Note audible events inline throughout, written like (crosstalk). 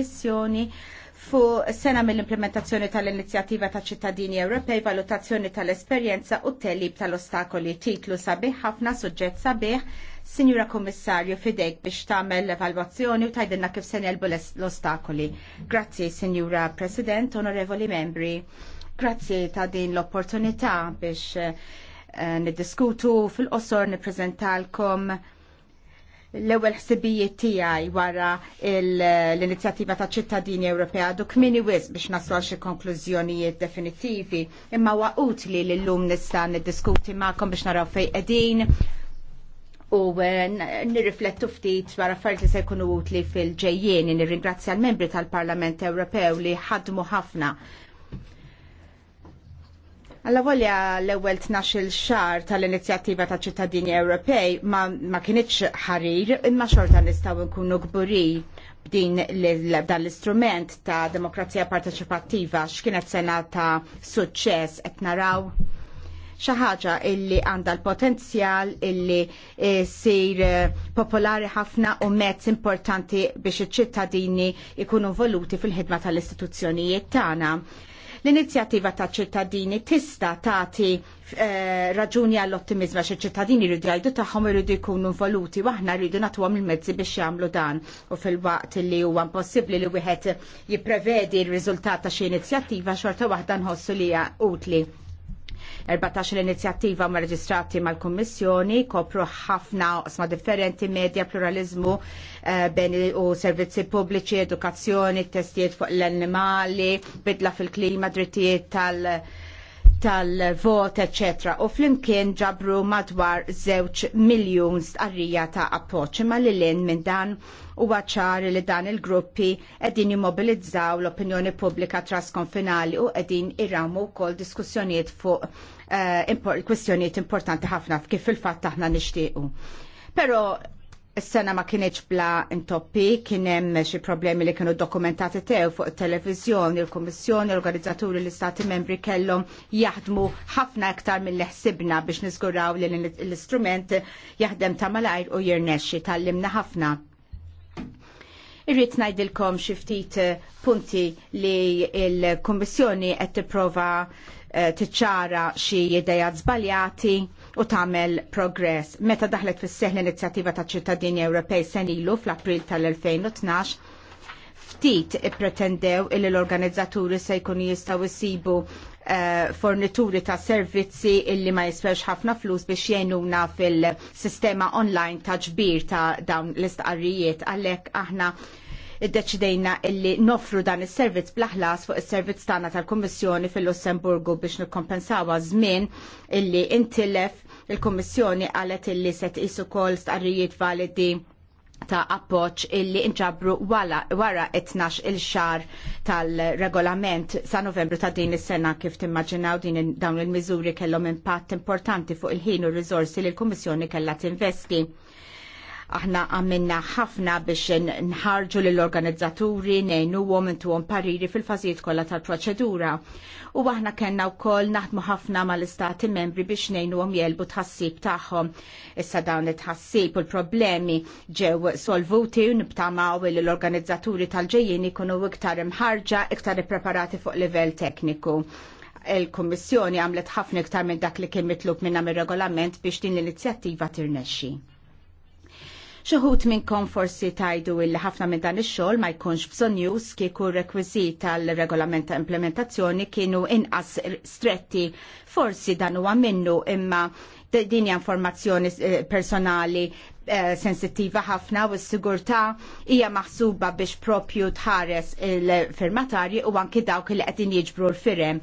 l fu fuq sena mill-implementazzjoni tal-inizjattiva ta' ċittadini Ewropej, valutazzjoni tal-esperjenza u t telib tal-ostakoli. Titlu sabiħ ħafna suġġett sabiħ. Signora Kommissarju, fidejk biex tagħmel l-evalwazzjoni u tajdilna kif se nelbu l-ostakoli. Grazzi, Signora President, onorevoli membri. Grazzi ta' din l-opportunità biex eh, niddiskutu fil-qosor nippreżentalkom l-ewwel ħsibijiet tiegħi wara l-inizjattiva ta' ċittadini Ewropea dok min wis biex naslu għal xi konklużjonijiet definittivi, imma huwa utli li llum nista' niddiskuti magħkom biex naraw fejn qegħdin u eh, nirriflettu ftit wara affarijiet li se jkunu utli fil-ġejjieni nirringrazzja l-membri tal-Parlament Ewropew li ħadmu ħafna Alla volja l-ewel il xar tal-inizjattiva ta' ċittadini Ewropej ma, ma kienieċ ħarir imma xorta nistaw nkunu gburi b'din dan l-istrument ta' demokrazija partecipativa x'kienet sena ta' suċċess qed naraw xi ħaġa illi għandha l-potenzjal illi eh, sir eh, popolari ħafna u mezz importanti biex iċ-ċittadini jkunu voluti fil-ħidma tal-istituzzjonijiet tagħna L-inizjattiva ta' ċittadini tista' tagħti eh, raġuni għall-ottimizma xi ċittadini jridu jgħidu tagħhom irridu jkunu involuti waħna rridu nagħtuhom il-mezzi biex jagħmlu dan u fil-waqt li huwa impossibbli li wieħed jipprevedi r-riżultat ta' xi inizjattiva xorta waħda nħossu li hija utli. 14 l-inizjattiva ma reġistrati mal-Kommissjoni kopru ħafna osma differenti medja pluralizmu eh, beni u servizzi pubbliċi, edukazzjoni, testijiet fuq l-annimali, bidla fil-klima, drittijiet tal- tal-vot, etc. U flimkien ġabru madwar zewċ miljon stqarrija ta' appoċ imma li l minn dan u għacċar li dan il-gruppi edin jimmobilizzaw l-opinjoni pubblika konfinali u edin irramu kol diskussjoniet fuq uh, eh, kwestjoniet importanti ħafna kif il-fat taħna nishtiqu. Pero Is-sena ma kienieċ bla intoppi, kien hemm xi problemi li kienu dokumentati tew fuq it-televiżjoni, il-Kummissjoni, l-organizzaturi l-Istati membri kellhom jaħdmu ħafna iktar mill ħsibna biex niżguraw li l-istrument jaħdem ta' malajr u jirnexxi tallimna ħafna. Irrid ngħidilkom xi ftit eh, punti li l-Kummissjoni qed tipprova eh, tiċċara xi idejat żbaljati u tagħmel progress. Meta daħlet fis seħħ l-inizjattiva ta' ċittadini Ewropej senilu fl-April tal-2012, ftit ippretendew il l-organizzaturi se jkunu jistgħu jsibu eh, fornituri ta' servizzi illi ma jiswewx ħafna flus biex jgħinuna fil-sistema online ta' ġbir ta' dawn l-istqarrijiet għalhekk aħna iddeċidejna illi nofru dan is-servizz blaħlas fuq is-servizz tagħna tal-Kummissjoni fil-Lussemburgu biex nikkompensawa żmien illi intilef il-Kummissjoni qalet illi se tqisu ukoll stqarrijiet validi ta' appoċ illi inġabru wala, wara itnax il-xar tal-regolament sa' novembru ta' din is-sena kif timmaġinaw din dawn il-miżuri kellhom impatt importanti fuq il-ħin u r-riżorsi li l-Kummissjoni kellha tinvesti. Aħna għamilna ħafna biex nħarġu l-organizzaturi, intu għom pariri fil-fażijiet kollha tal-proċedura. U aħna kellna wkoll naħdmu ħafna mal-istati membri biex għom jelbu tħassib tagħhom. Issa dawn it-tħassib u l-problemi ġew solvuti u nibtamaw l-organizzaturi tal-ġejjin ikunu iktar imħarġa, iktar ippreparati fuq livell tekniku il-Kommissjoni għamlet ħafna iktar minn dak li kien mitlub minna mir regolament biex din l-inizjattiva tirnexxi. Xaħut minnkom forsi tajdu illi ħafna minn dan ix-xogħol ma jkunx bżonjus kieku rekwiżit tal-regolament ta' implementazzjoni kienu inqas stretti. Forsi dan huwa minnu imma Din hija informazzjoni eh, personali eh, sensittiva ħafna u s-sigurtà hija maħsuba biex propju tħares il-firmatarji u anki dawk li qegħdin jiġbru l-firem.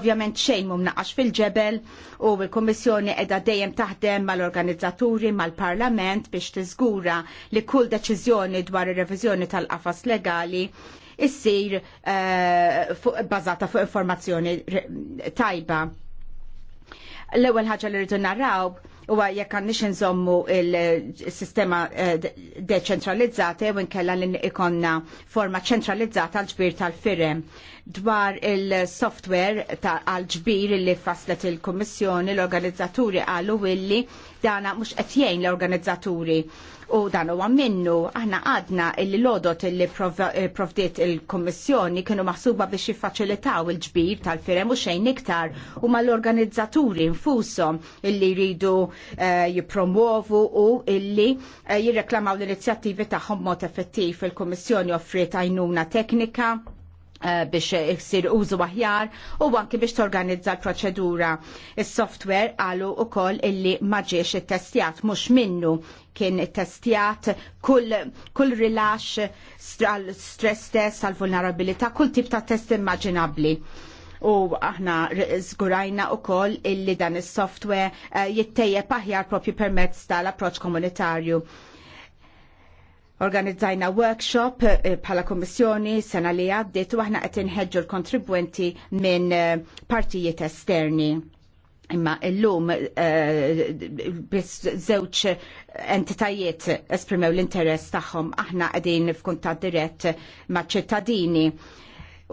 Ovvjament xejn mhum naqax fil-ġebel u l-Kummissjoni qiegħda dejjem taħdem mal-organizzaturi mal-Parlament biex tiżgura li kull deċiżjoni dwar ir-reviżjoni tal-qafas legali issir eh, uh, bazata fuq informazzjoni tajba L-ewwel ħaġa li rridu naraw huwa jekk għandix nżommu il-sistema eh, deċentralizzata u nkella li ikonna forma ċentralizzata għall ġbir tal-firem dwar il-software ta ġbir li faslet il kummissjoni l-organizzaturi għallu illi dana mux jgħin l-organizzaturi u dan huwa minnu aħna għadna illi lodot illi eh, provdiet il kummissjoni kienu maħsuba biex jiffaċilitaw il-ġbir tal-firem u xejn iktar u l organizzaturi infushom illi jridu eh, jipromuovu u illi eh, jirreklamaw l-inizjattivi tagħhom mod effettiv il kummissjoni offriet għajnuna teknika Eh, biex iksir użu aħjar u anki biex torganizza l-proċedura. Is-software għalu u koll illi maġiex il-testjat mux minnu kien testjat kull, kull rilax, stress test, għal vulnerabilità kull tip ta' test immaġinabli. U aħna zgurajna u koll illi dan is-software uh, jittejjeb aħjar propju permezz tal-approċ komunitarju Organizzajna workshop eh, bħala kommissjoni sena li għaddit u aħna qed inħeġġu l-kontribwenti minn eh, partijiet esterni. Imma illum eh, bis żewġ entitajiet esprimew l-interess tagħhom aħna qegħdin f'kuntatt dirett maċ ċittadini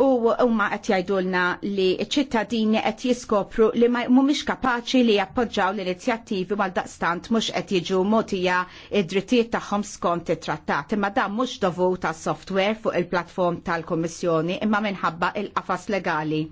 u huma qed jgħidulna li ċ-ċittadini qed jiskopru li mhumiex kapaċi li jappoġġaw l-inizjattivi għal daqstant mhux qed jiġu motija id-drittijiet tagħhom skont it-trattat. Imma dan mhux dovu ta' software fuq il-platform tal-Kummissjoni imma minħabba il-qafas legali.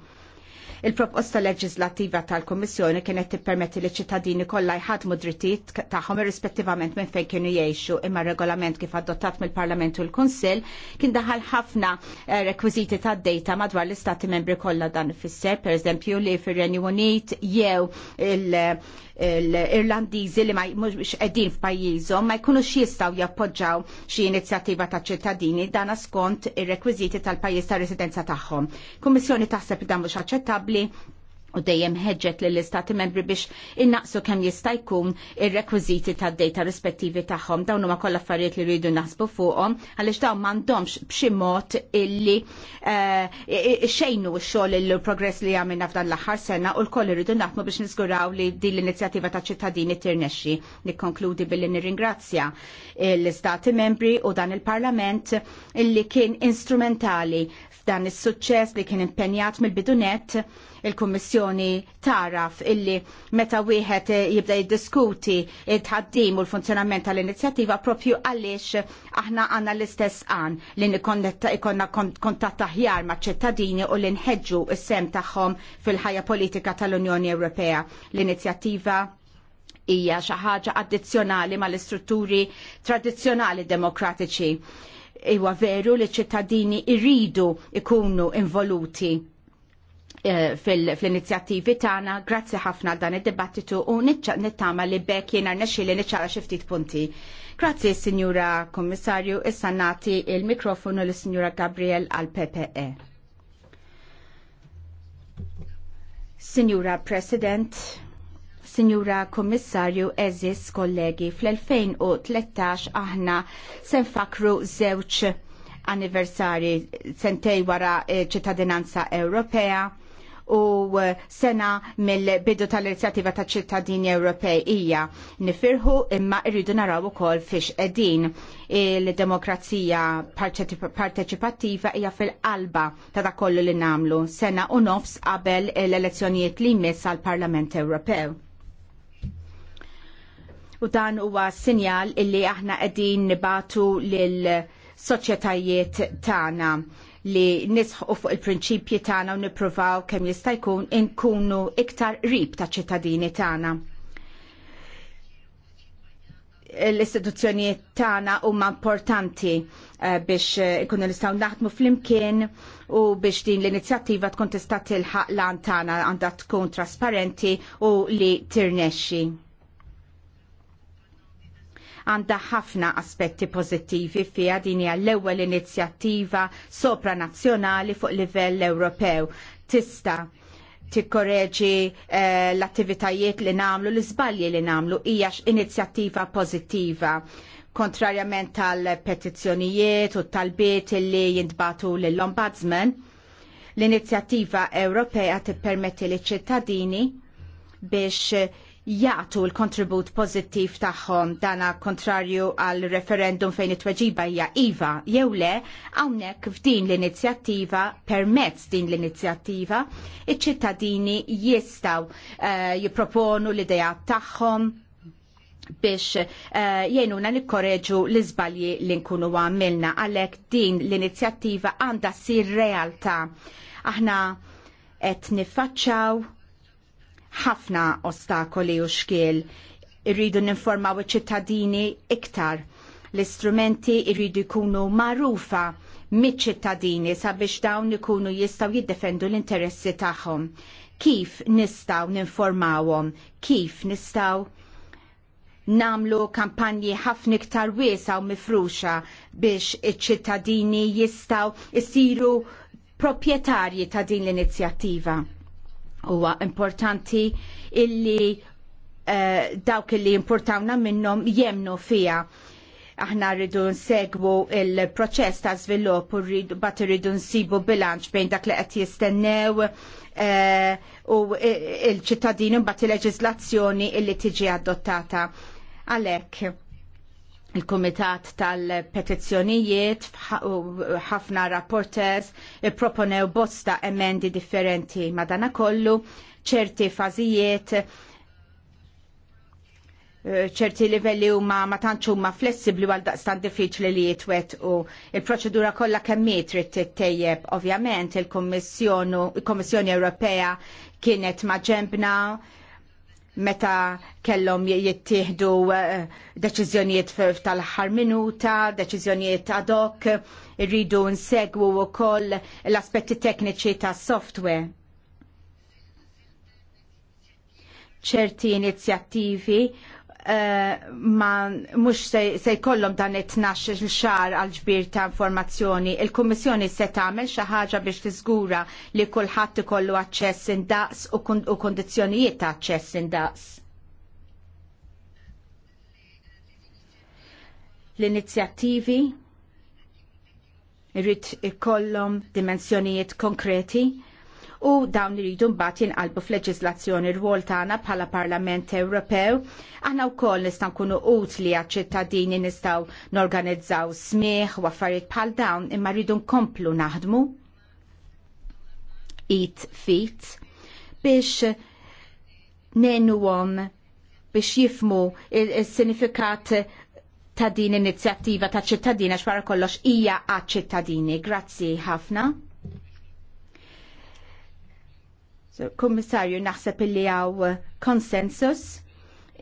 Il-proposta leġislattiva tal-Kommissjoni kienet tippermetti li ċittadini kollha jħadmu drittijiet tagħhom irrispettivament minn fejn kienu jgħixu imma regolament kif adottat mill-Parlament u l-Kunsill kien daħal ħafna eh, rekwiżiti tad data madwar l-istati membri kollha dan ifisser, pereżempju li fir-Renju Unit jew il- l-Irlandiżi li ma jmux qegħdin f'pajjiżhom ma jkunux jistgħu jappoġġaw xi inizjattiva ta' ċittadini dan skont ir-rekwiżiti tal-pajjiż ta' residenza tagħhom. Kummissjoni taħseb dan mhux aċċettabbli u dejjem ħeġġet lill istati membri biex innaqsu kemm jista' jkun ir-rekwiżiti tad dejta rispettivi tagħhom dawn huma kollha affarijiet li rridu naħsbu fuqhom għaliex dawn m'għandhomx b'xi mod illi eh, xejnu x-xogħol il-progress li għamilna f'dan l-aħħar sena u l-koll irridu naħdmu biex niżguraw li din l-inizjattiva ta' ċittadini tirnexxi. Nikkonkludi billi nirringrazzja l-istati membri u dan il-Parlament illi kien instrumentali f'dan is-suċċess li kien impenjat mill-bidunet il-Kummissjoni il taraf illi meta wieħed jibda jiddiskuti t ħaddim u l-funzjonament tal-inizjattiva propju għaliex aħna għandna l-istess għan li ikonna kontatt aħjar ma' ċittadini u li nħeġġu s-sem tagħhom fil-ħajja politika tal-Unjoni Ewropea. L-inizjattiva hija xi ħaġa addizzjonali mal-istrutturi tradizzjonali demokratiċi. Iwa veru li ċittadini irridu ikunu involuti Eh, fil-inizjattivi tagħna. Grazzi ħafna dan id-dibattitu u nittama li bekk jiena rnexxi li niċċara xi ftit punti. Grazzi Sinjura Kommissarju, issa nagħti il-mikrofonu lis Sinjura Gabriel għal PPE. Sinjura President, Sinjura Kommissarju Eżis, kollegi, fl-2013 aħna sen fakru zewċ anniversari sentej wara eh, ċittadinanza Ewropea u uh, sena mill-bidu tal-inizjattiva ta' ċittadini Ewropej hija nifirħu imma rridu naraw ukoll fiex qegħdin. Il-demokrazija parteċipattiva hija fil-qalba ta' dak kollu li nagħmlu sena u nofs qabel l-elezzjonijiet li jmiss għall parlament Ewropew u dan huwa sinjal illi aħna qegħdin nibatu lil soċjetajiet tagħna li nisħu fuq il-prinċipji tagħna u nippruvaw kemm jista' jkun inkunu iktar rib ta' ċittadini tagħna l-istituzzjonijiet tagħna huma importanti eh, biex ikunu eh, nistgħu naħdmu flimkien u biex din l-inizjattiva tkun tista' tilħaq lan tagħna għandha tkun trasparenti u li tirnexxi għandha ħafna aspetti pożittivi fiha din hija l-ewwel inizjattiva sopranazzjonali fuq livell Ewropew. Tista' tikkoreġi eh, l-attivitajiet li namlu, l-izbalji li namlu, hija inizjattiva pozittiva kontrarjament tal-petizzjonijiet u tal-biet li jintbatu l-Ombudsman, l-inizjattiva Ewropea tippermetti li ċittadini biex jagħtu l-kontribut pożittiv tagħhom dana kontrarju għal referendum fejn it-tweġiba hija iva jew le hawnhekk f'din l-inizjattiva permezz din l-inizjattiva iċ-ċittadini jistgħu uh, eh, jipproponu l-idejat tagħhom biex uh, eh, jenuna nikkoreġu l-izbalji li nkunu għamilna għalek din l-inizjattiva għanda sir realtà. Aħna qed niffaċċaw ħafna ostakoli u xkiel. Irridu ninformaw iċ-ċittadini iktar. L-istrumenti irridu jkunu magħrufa miċ-ċittadini sabiex dawn ikunu jistgħu jiddefendu l-interessi tagħhom. Kif nistgħu ninformawhom? Kif nistgħu namlu kampanji ħafna iktar wiesa u mifruxa biex iċ-ċittadini jistaw isiru proprjetarji ta' din l-inizjattiva. Huwa importanti illi uh, dawk illi importawna minnhom jemnu fija aħna rridu nsegwu il-proċess ta' żvilupp u rridu bat rridu nsibu bilanċ bejn dak li qed jistennew eh, u il-ċittadini mbagħad il leġislazzjoni illi tiġi adottata. Għalhekk il-Komitat tal-Petizzjonijiet ħafna rapporters proponew bosta emendi differenti madanakollu ċerti fażijiet eh, ċerti livelli huma ma matanċu huma flessibbli għal daqstan diffiċli li jitwet u il-proċedura kollha kemm trid tittejjeb. Ovvjament il-Kommissjoni Ewropea kienet maġembna meta kellhom jittieħdu eh, deċiżjonijiet tal-aħħar minuta, deċiżjonijiet ad hoc, irridu nsegwu wkoll l-aspetti tekniċi tas software. ċerti inizjattivi Eh, ma mux se jkollhom dan it-12 il-xar għal ġbir ta' informazzjoni. Il-Kummissjoni se tagħmel xi ħaġa biex tiżgura li kulħadd ikollu aċċess indaqs u kondizzjonijiet ta' aċċess indaqs. L-inizjattivi irrid ikollhom dimensjonijiet konkreti u dawn iridu mbagħad jinqalbu f'leġiżlazzjoni r-rwol tagħna bħala Parlament Ewropew. Aħna wkoll nista' nkunu utli għaċ-ċittadini nistgħu norganizzaw smieħ u affarijiet bħal dawn imma rridu nkomplu naħdmu eat fit biex nenuhom biex jifmu il-sinifikat ta' din inizjattiva ta' ċittadina xwara kollox hija għad ċittadini. Grazzi ħafna. Kommissarju naħseb illi għaw konsensus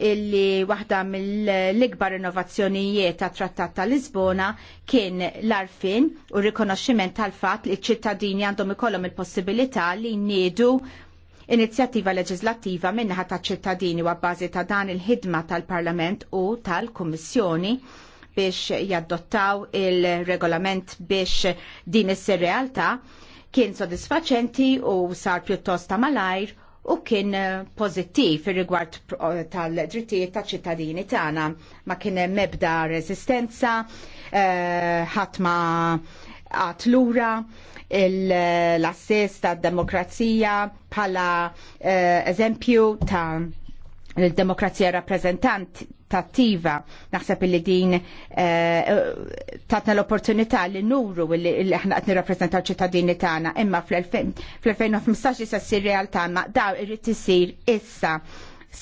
illi waħda mill-ikbar innovazzjonijiet ta' trattat ta' Lisbona kien l-arfin u rikonoxximent tal-fat li ċittadini għandhom ikollhom il-possibilità li jniedu inizjattiva leġislattiva minnaħa ta' ċittadini u bażi ta' dan il-ħidma tal-Parlament u tal-Kummissjoni biex jaddottaw il-regolament biex din is-realtà kien sodisfaċenti u sar pjuttost ta' malajr u kien eh, pozittiv fir rigward eh, tal-drittijiet ta' ċittadini tagħna. Ma kien mebda resistenza, eh, ħatma għat lura l-assess ta' demokrazija bħala eżempju ta' l-demokrazija rappresentanti tattiva. Naħseb li din eh, tatna l-opportunità li nuru li aħna qed nirrappreżentaw ċittadini tagħna, imma fl-2015 issa ssir realtà ma daw irrid isir issa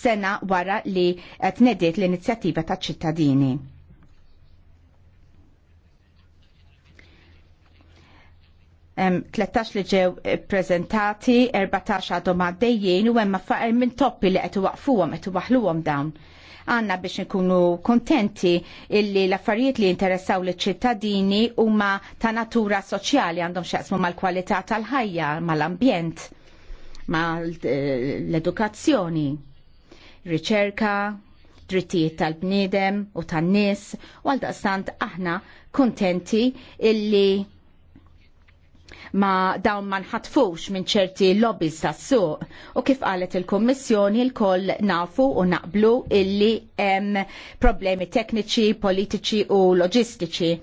sena wara li qed tnediet l-inizjattiva ta' ċittadini. Um, 13 li ġew prezentati, 14 għadhom għaddejjien u hemm affarijiet minn toppi li qed iwaqfuhom qed iwaħħluhom dawn. Għanna biex nkunu kontenti illi l-affarijiet li interessaw li ċittadini huma ta' natura soċjali għandhom xaqsmu mal-kwalità tal-ħajja, mal-ambjent, mal-edukazzjoni, riċerka, drittijiet tal-bniedem u tan-nies u għal daqstant aħna kontenti illi ma dawn ma nħatfux minn ċerti lobbies tas-suq. U kif qalet il-Kummissjoni l-koll nafu u naqblu illi hemm problemi tekniċi, politiċi u loġistiċi.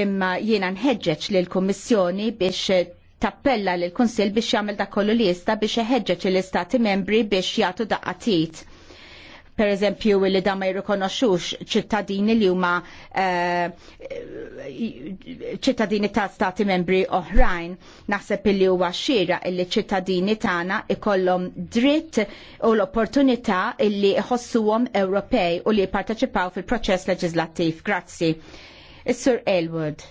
Imma jiena nħeġġeġ lill kummissjoni biex tappella lill kunsill biex jagħmel dak kollu li jista' biex iħeġġeġ l-Istati membri biex jagħtu daqqa tit per eżempju li da ma jirrikonoxux ċittadini li huma eh, ċittadini ta' stati membri oħrajn. Naħseb li huwa xira illi ċittadini tagħna ikollhom dritt u l-opportunità illi jħossuhom Ewropej u li jipparteċipaw fil-proċess leġislattiv. Grazzi. Is-Sur Elwood.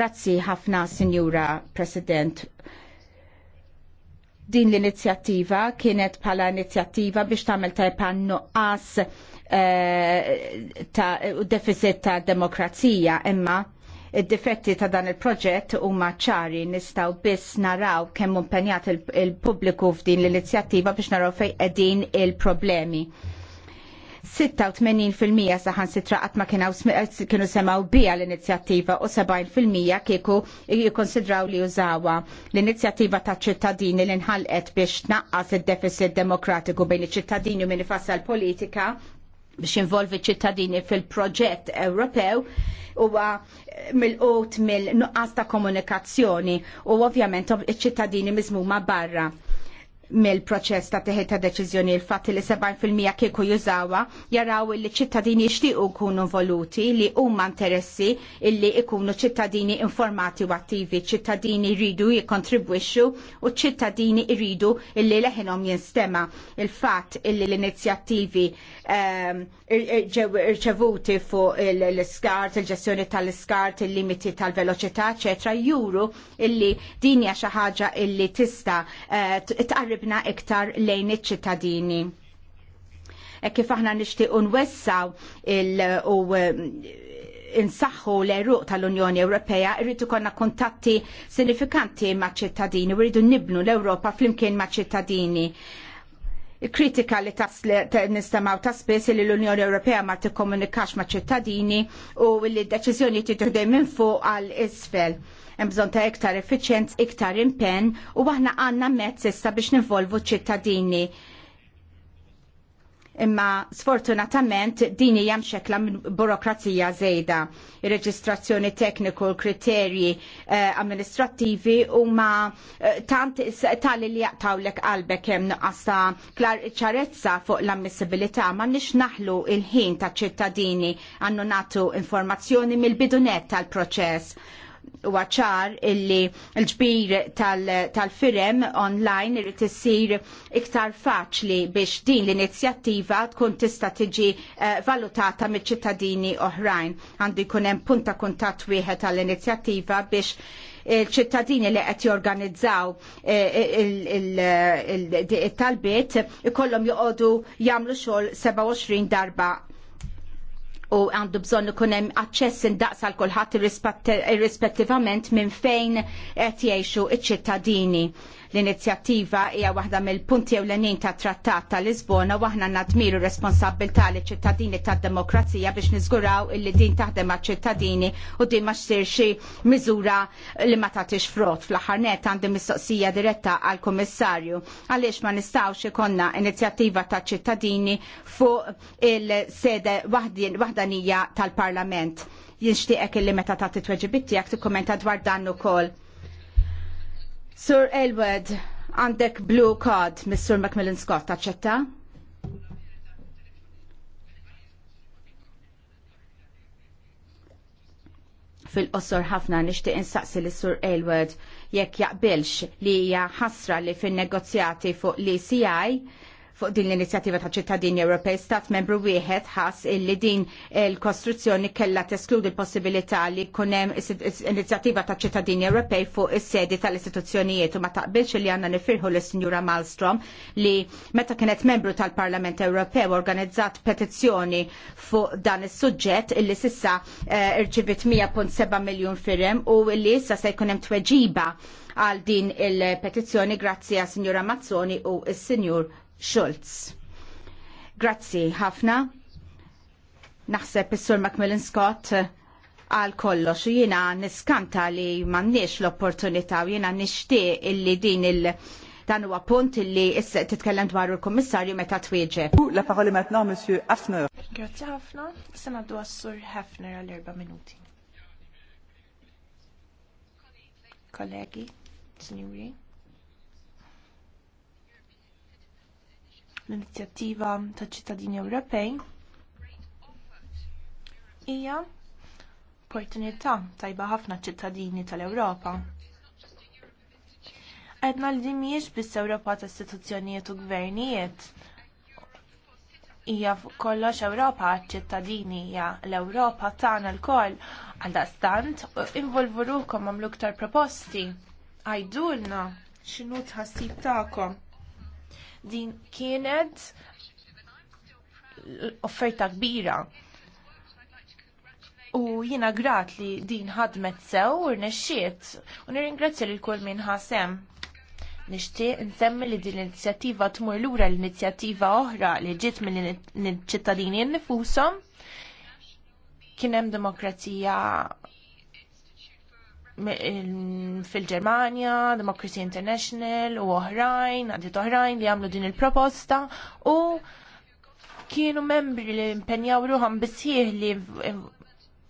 Grazzi ħafna, Sinjura President Din l-inizjattiva kienet bħala inizjattiva biex tagħmel tajpa nuqqas eh, ta' deficit ta' demokrazija imma id-difetti ta' dan il-proġett huma ċari nistgħu biss naraw kemm impenjat il-pubbliku f'din l-inizjattiva biex naraw fejn qegħdin il-problemi. il problemi 86% saħan sitra qatt ma eh, kienu semaw bija l-inizjattiva u 70% kieku jikkonsidraw li użawa l-inizjattiva ta' ċittadini li nħalqet biex tnaqqas id-deficit demokratiku bejn iċ-ċittadini u min l politika biex involvi ċittadini fil-proġett Ewropew huwa mill-qot mill-nuqqas ta' komunikazzjoni u ovvjament iċ-ċittadini miżmuma barra mill-proċess ta' teħet ta' deċiżjoni il-fatt li 70% kieku jużawa jaraw li ċittadini jixtiequ kunu voluti li huma interessi illi jkunu ċittadini informati u attivi, ċittadini jridu jikontribwixxu u ċittadini jridu illi leħinhom jinstema. Il-fatt illi l-inizjattivi ehm, irċevuti fuq l-iskart, il-ġestjoni tal-iskart, il-limiti tal-veloċità, eċetera, juru illi dinja xi ħaġa illi tista' eh, tqarrib qalbna iktar lejn iċ-ċittadini. E kif aħna nixtiequ nwessaw u um, insaħħu l-eruq tal-Unjoni Ewropea irridu konna kontatti sinifikanti ma' ċittadini, rridu nibnu l-Ewropa flimkien ma' ċittadini. Kritika li nistamaw ta' spess li l-Unjoni Ewropea ma' tikkomunikax ma' ċittadini u li d-deċizjoni tiddu minn fuq għal isfel hemm bżonn ta' iktar effiċjenz, iktar impenn u aħna għandna mezz issa biex nivolvu ċittadini. Imma sfortunatament din hija mxekla minn burokrazija żejda. Ir-reġistrazzjoni tekniku, l-kriterji eh, amministrattivi huma eh, tant tali li jaqtawlek qalbek hemm nuqqas ta' klar ċarezza fuq l-ammissibilità m'għandniex naħlu il-ħin taċ ċittadini għandu nagħtu informazzjoni mill-bidunet tal-proċess huwa ċar illi l-ġbir tal-firem tal online irid issir iktar faċli biex din l-inizjattiva tkun tista' tiġi uh, valutata mill-ċittadini oħrajn. Għandu jkun hemm punt ta' kuntatt wieħed tal-inizjattiva biex il-ċittadini li qed jorganizzaw eh, il-talbiet ikollhom joqogħdu jagħmlu xogħol 27 darba u għandu bżonn ikun hemm aċċess indaqs għal kulħadd irrispettivament minn fejn qed jgħixu iċ-ċittadini. L-inizjattiva hija waħda mill-punti ewlenin ta' trattat ta' Lisbona u aħna nadmiru responsabilità li ċittadini tad demokrazija biex niżguraw illi din taħdem għal ċittadini u din ma xsirxi xi miżura li ma tagħtix frott. Fl-aħħar net għandi mistoqsija diretta għal kummissarju għaliex ma nistgħux ikonna inizjattiva ta' ċittadini fuq il-sede waħdanija tal-Parlament jinxtieqek illi meta ta' titweġibitti tiegħek tikkumenta dwar dan ukoll. Sur Elwed, għandek blue card, Mr. Macmillan Scott, taċċetta? fil-qosor ħafna nixtieq insaqsi li sur Elwood jekk jaqbilx li hija ħasra li fin-negozjati fuq l-ECI fuq din l-inizjattiva ta' ċittadini Ewropej stat membru wieħed ħass illi din il kostruzzjoni kellha teskludi l-possibilità li jkun hemm inizjattiva ta' ċittadini Ewropej fuq is-sedi tal-istituzzjonijiet u ma taqbilx li għandna nifirħu lis-Sinjura Malmstrom li meta kienet membru tal-Parlament Ewropew organizzat petizzjoni fuq dan is-suġġett illi sissa eh, irċivit 100.7 miljun firem u illi issa se jkun hemm tweġiba għal din il-petizzjoni grazzi għas Sinjura Mazzoni u s-Sinjur Schultz. Grazzi ħafna. Naħseb is-Sur Macmillan Scott eh, għal kollox xo jiena niskanta li m'għandniex l-opportunità u jiena nishti illi din il- dan huwa punt illi issa titkellem dwar il-Kummissarju meta twieġe. La paroli maintenant Monsieur Hafner. Grazzi ħafna, issa ngħaddu għas-Sur Hafner għal erba' minuti. Kollegi, sinjuri. l-inizjattiva taċ ċittadini Ewropej hija opportunità tajba ħafna ċittadini tal-Ewropa. Għedna li din mhijiex biss Ewropa ta' istituzzjonijiet u gvernijiet, hija kollox Ewropa ċittadini hija l-Ewropa tagħna lkoll għal stant involvu ruhkom għamlu iktar proposti. Għajdulna x'inhu tħassib tagħkom. Din kienet offerta kbira. U jina grat li din ħadmet sew u rnexxiet u nirringrazzja lil kull min ħasem. Nixtieq nsemmi li din l-inizjattiva tmur lura l-inizjattiva oħra li ġiet mill-ċittadini nnifushom kien hemm demokrazija fil-Germania, Democracy International u oħrajn, għadit oħrajn li għamlu din il-proposta u kienu membri li impenjaw ruħam bisħieħ li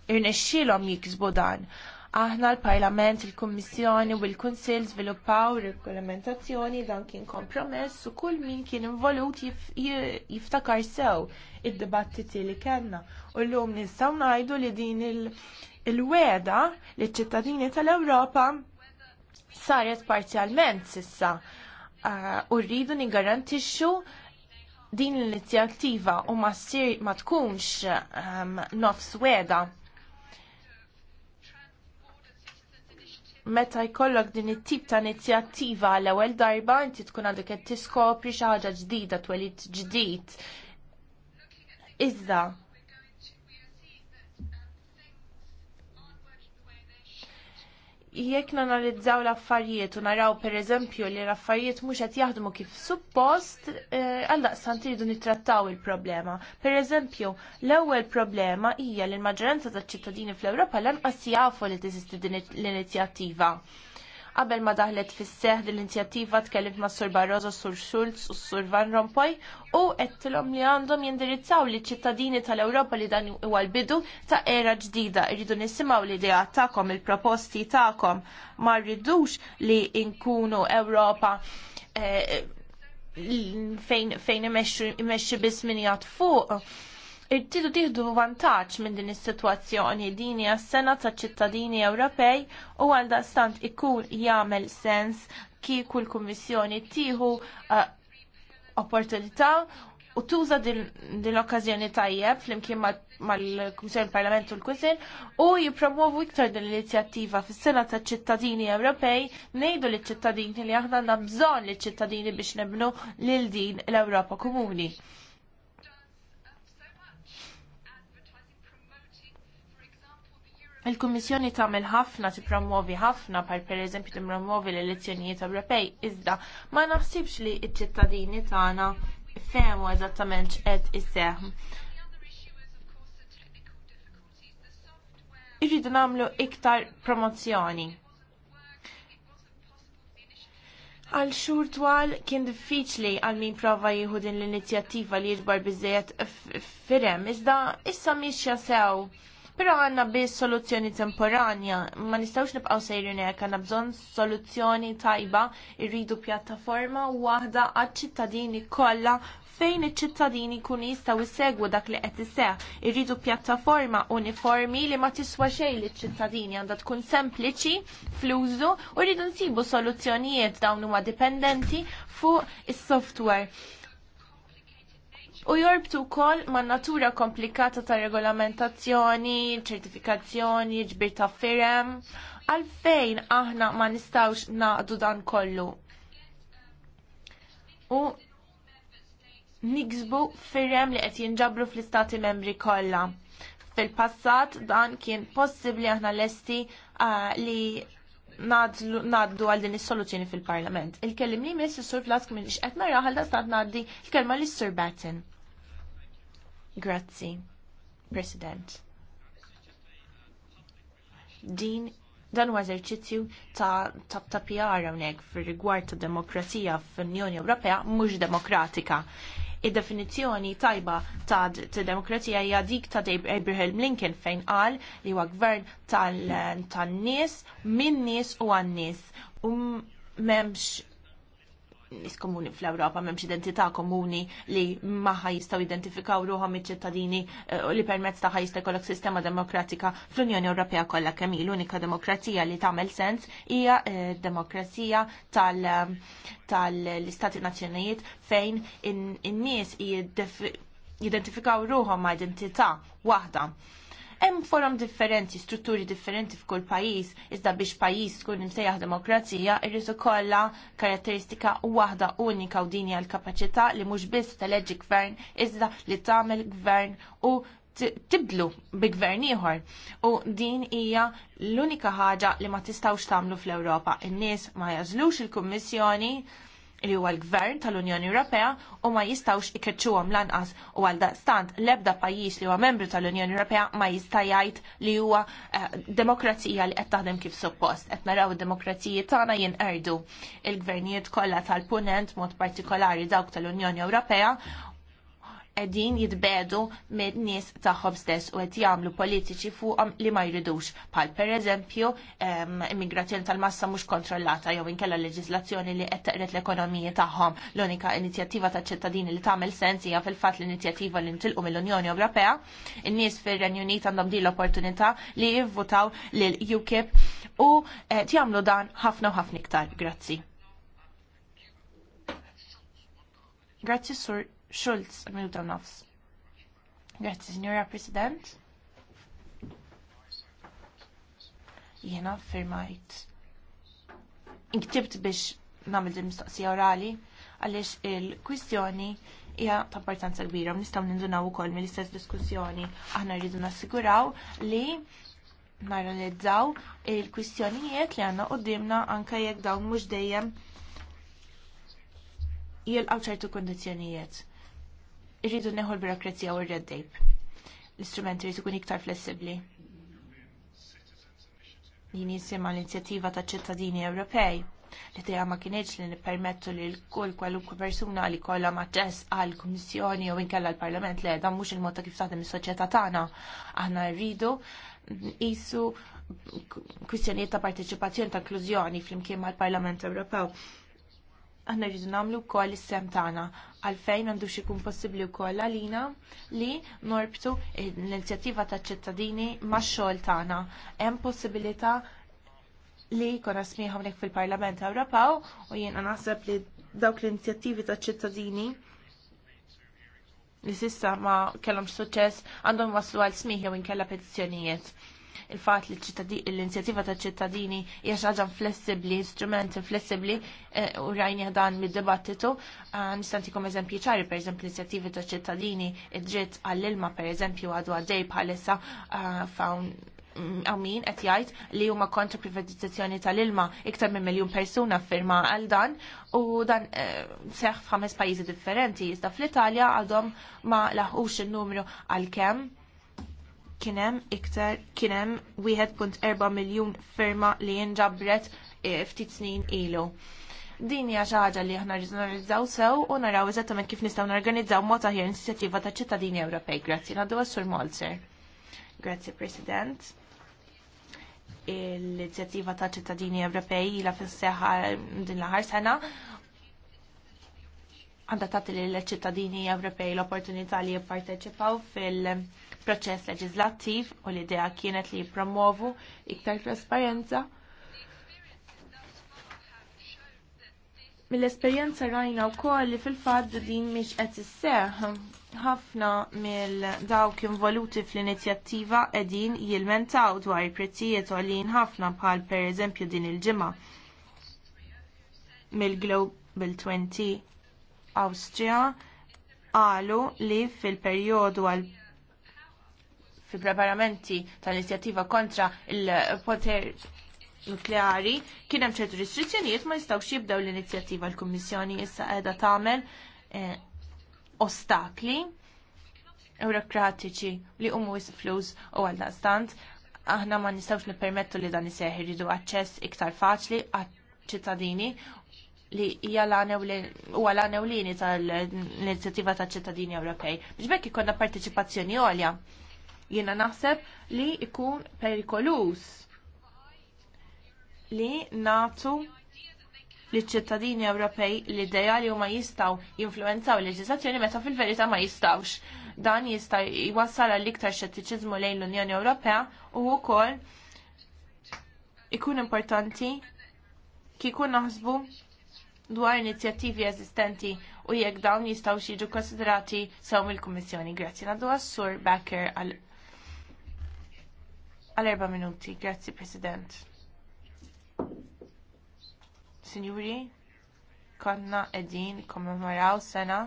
irnexxilhom jiksbu dan. Aħna l-Parlament, il-Kummissjoni u l-Kunsill żviluppaw regolamentazzjoni dan kien kompromess u kull min kien involut jiftakar sew id-dibattiti li kellna. U llum nistgħu ngħidu li din il- il-weda li ċittadini tal-Ewropa saret parzjalment sissa uh, u uh, rridu nigarantixxu din l-inizjattiva u ma ssir ma tkunx um, nofs weda. meta jkollok din it-tip ta' inizjattiva l ewwel darba inti tkun għandek qed tiskopri xi ħaġa ġdida twelid ġdid. Iżda jekk nanalizzaw l-affarijiet u naraw per eżempju li l-affarijiet mhux qed jaħdmu kif suppost, eh, għal eh, iridu nittrattaw il-problema. Per eżempju, l-ewwel problema hija li l-maġġoranza taċ-ċittadini fl-Ewropa lanqas jafu li tiżisti din l-inizjattiva. Qabel ma daħlet fis seħħ l-inizjattiva tkellimt ma' Sur Barroso, Sur Schulz u Sur Van Rompuy u għedtilhom li għandhom jindirizzaw li ċittadini tal-Ewropa li dan huwa l-bidu ta' era ġdida. Irridu nisimgħu l-idea tagħkom, il-proposti tagħkom ma rridux li nkunu Ewropa eh, fejn imexxi biss min fuq irtidu tieħdu vantaġġ minn din is-sitwazzjoni din hija s-sena taċ-ċittadini Ewropej u għalda stant ikun jagħmel sens kieku l-Kummissjoni tieħu uh, opportunità u tuża din l okkażjoni tajjeb flimkien mal-Kummissjoni Parlament u l-Kunsil u jipromovu iktar din l-inizjattiva fis-sena ta' ċittadini Ewropej ngħidu liċ ċittadini li aħna għandna bżonn liċ ċittadini biex nebnu lil din l-Ewropa Komuni. Il-Kummissjoni tagħmel ħafna tippromuovi ħafna par pereżempju tippromuovi l-elezzjonijiet Ewropej, iżda ma naħsibx li ċ-ċittadini tagħna fehmu eżattament x'qed isseħħ. Irridu nagħmlu iktar promozzjoni. Għal xhur twal kien diffiċli għal min prova jieħu din l-inizjattiva li jiġbar biżejjed firem, iżda issa mhix sew Però għanna biss soluzzjoni temporanja, ma nistawx nibqaw sejrin hekk għanna bżonn soluzzjoni tajba, irridu pjattaforma waħda għad ċittadini kollha fejn iċ-ċittadini kun jistgħu jsegwu dak li qed iseħħ. Irridu pjattaforma uniformi li ma tiswa xejn li ċittadini għandha tkun sempliċi fl-użu u rridu nsibu soluzzjonijiet dawn huma dipendenti fuq is-software u jorbtu wkoll man natura komplikata ta' regolamentazzjoni, ċertifikazzjoni, ġbir ta' firem, għalfejn aħna ma nistawx naqdu dan kollu. U niksbu firem li qed jinġabru fl-istati membri kollha. Fil-passat dan kien possibbli aħna lesti uh, li naddu għal din is-soluzzjoni fil-Parlament. Il-kellim li miss is-Sur Flask minn qed naraħal da stat ngħaddi l-kelma l sur Batten. Grazzi, President. Din dan huwa eżerċizzju ta' ta' ta' PR hawnhekk fir-rigward ta' demokrazija fl-Unjoni Ewropea mhux demokratika. Id-definizzjoni tajba ta' demokrazija hija dik ta' Abraham Lincoln fejn qal li huwa gvern tan-nies min-nies u għan-nies. U um, m'hemmx nis komuni fl-Ewropa m'hemmx identità komuni li maħa jistaw identifikaw ruħhom iċ-ċittadini eh, li permezz taħħa jistaw jkollok sistema demokratika fl-Unjoni Ewropea kollha kemm l-unika demokrazija li tagħmel sens hija eh, demokrazija tal-Istati Nazzjonijiet fejn in-nies jidentifikaw ruħhom ma' identità waħda Hemm forum differenti, strutturi differenti f'kull pajjiż, iżda biex pajjiż tkun imsejjaħ demokrazija irrid ukollha karatteristika waħda unika u dini għal kapaċità li mhux biss teleġi gvern iżda li tagħmel gvern u tibdlu bi gvern ieħor. U din hija l-unika ħaġa li ma tistgħux tagħmlu fl-Ewropa. In-nies ma jażlux il-Kummissjoni li huwa l-Gvern tal-Unjoni Ewropea u ma jistawx ikkeċċuhom lanqas u għal daqstant l-ebda pajjiż li huwa membru tal-Unjoni Ewropea ma jista' jgħid li huwa eh, demokrazija li qed taħdem kif suppost. Qed naraw id-demokraziji tagħna jinqerdu. Il-gvernijiet kollha tal-punent mod partikolari dawk tal-Unjoni Ewropea qegħdin jitbedu minn nies tagħhom stess u qed jagħmlu politiċi fuqhom li ma jridux bħal pereżempju immigrazzjoni tal-massa mhux kontrollata jew inkella leġislazzjoni li qed teqret l-ekonomija tagħhom. L-unika inizjattiva taċ-ċittadini li tagħmel sens hija fil-fatt l-inizjattiva li ntilqu mill-Unjoni Ewropea. In-nies fir-Renju Unit għandhom din l-opportunità li jivvutaw lil UKIP u jagħmlu dan ħafna u ħafna iktar. Grazzi. Grazzi sur Schulz, minuta nofs. Grazie, signora President. Jena firmajt. Inktibt biex namil din mistoqsija orali għaliex il-kwistjoni hija ta' importanza kbira. Nistgħu nindunaw ukoll mill-istess diskussjoni aħna rridu nassiguraw li naralizzaw il-kwistjonijiet li għandna qudiemna anke jekk dawn mhux dejjem jilqaw ċertu kundizzjonijiet irridu neħu l-birokrazija u r-red tape. l istrumenti rridu ikun iktar flessibbli. Jien jisimha l-inizjattiva ta' ċittadini Ewropej li tija ma kienieċ li nippermettu li l-kull kwalunku persuna li kollha maċċess għal kummissjoni u inkella l-Parlament li dan mhux il-mod ta' kif taħdem is-soċjetà tagħna. Aħna rridu qisu kwistjonijiet ta' parteċipazzjoni ta' inklużjoni flimkien mal-Parlament Ewropew aħna rridu nagħmlu wkoll is-sem tagħna għalfejn għandux ikun possibbli wkoll għalina li norbtu l-inizjattiva taċ ċittadini max-xogħol tagħna. Hemm possibilità li jkunna smieħ hawnhekk fil-Parlament Ewropew u jiena naħseb li dawk l-inizjattivi taċ ċittadini li sissa ma kellhomx suċċess għandhom waslu għal smieħ jew inkella petizzjonijiet il-fat li l-inizjativa ta' ċittadini hija ħaġa flessibli, strument flessibli eh, u rajni dan mid-dibattitu. Ah, nistantikom eżempji ċari, per eżempju, l-inizjativi ta' ċittadini id-dritt għall-ilma, per eżempju, għadu għaddej bħalissa ah, fawn mm, għamin qed jgħid li huma kontra privatizzazzjoni tal-ilma iktar minn miljun persuna firma għal dan u dan eh, seħħ f'ħames pajjiżi differenti. Iżda fl-Italja għadhom ma laħqux in-numru għal kemm Kien hemm iktar kien hemm 1.4 miljun firma li jinġabret eh, ftit snin ilu. Din hija xi ħaġa li aħna rriżonalizzaw sew u naraw eżattament kif nistgħu norganizzaw mod aħjar inizjattiva ta' ċittadini Ewropej. Grazzi ngħaddu sur Molzer. Grazzi President. L-inizjattiva ta' ċittadini Ewropej ilha fis-seħħa din l-aħħar sena għandha tagħti lill ċittadini Ewropej l-opportunità li jipparteċipaw fil- proċess leġislattiv u l-idea kienet li jippromovu iktar trasparenza. Mill-esperjenza rajna wkoll li fil-fatt din mhix qed isseħħ. Ħafna mill dawk involuti fl-inizjattiva qegħdin jilmentaw dwar prezzijiet għolin ħafna bħal pereżempju din il-ġimgħa mill-Global 20 Awstrija qalu li fil-perjodu għal fi preparamenti tal-inizjattiva kontra il-poter nukleari kien hemm ċertu restrizzjonijiet ma jistgħux jibdew l-inizjattiva l-Kummissjoni issa qiegħda tagħmel eh, ostakli eurokratiċi li huma wis flus u għal stant aħna ma nistgħux nippermettu li dan iseħħ iridu aċċess iktar faċli għaċ-ċittadini li hija huwa l-għanewlini tal-inizjattiva taċ ċittadini Ewropej. Biex bekk ikollna partiċipazzjoni għolja. Jiena naħseb li ikun perikolus li natu li ċittadini Ewropej l idea li huma jistgħu jinfluwenzaw il-leġiżlazzjoni meta fil-verità ma jistgħux. Dan jista' jwassal għal iktar xettiċiżmu lejn l-Unjoni Ewropea u wkoll ikun importanti kikun naħsbu dwar inizjattivi eżistenti u jekk dawn jistgħu jiġu konsiderati sew mill-Kummissjoni. Grazzi nagħdu għas-Sur Becker għal għal erba minuti. Grazzi, President. Signori, konna edin kommemoraw sena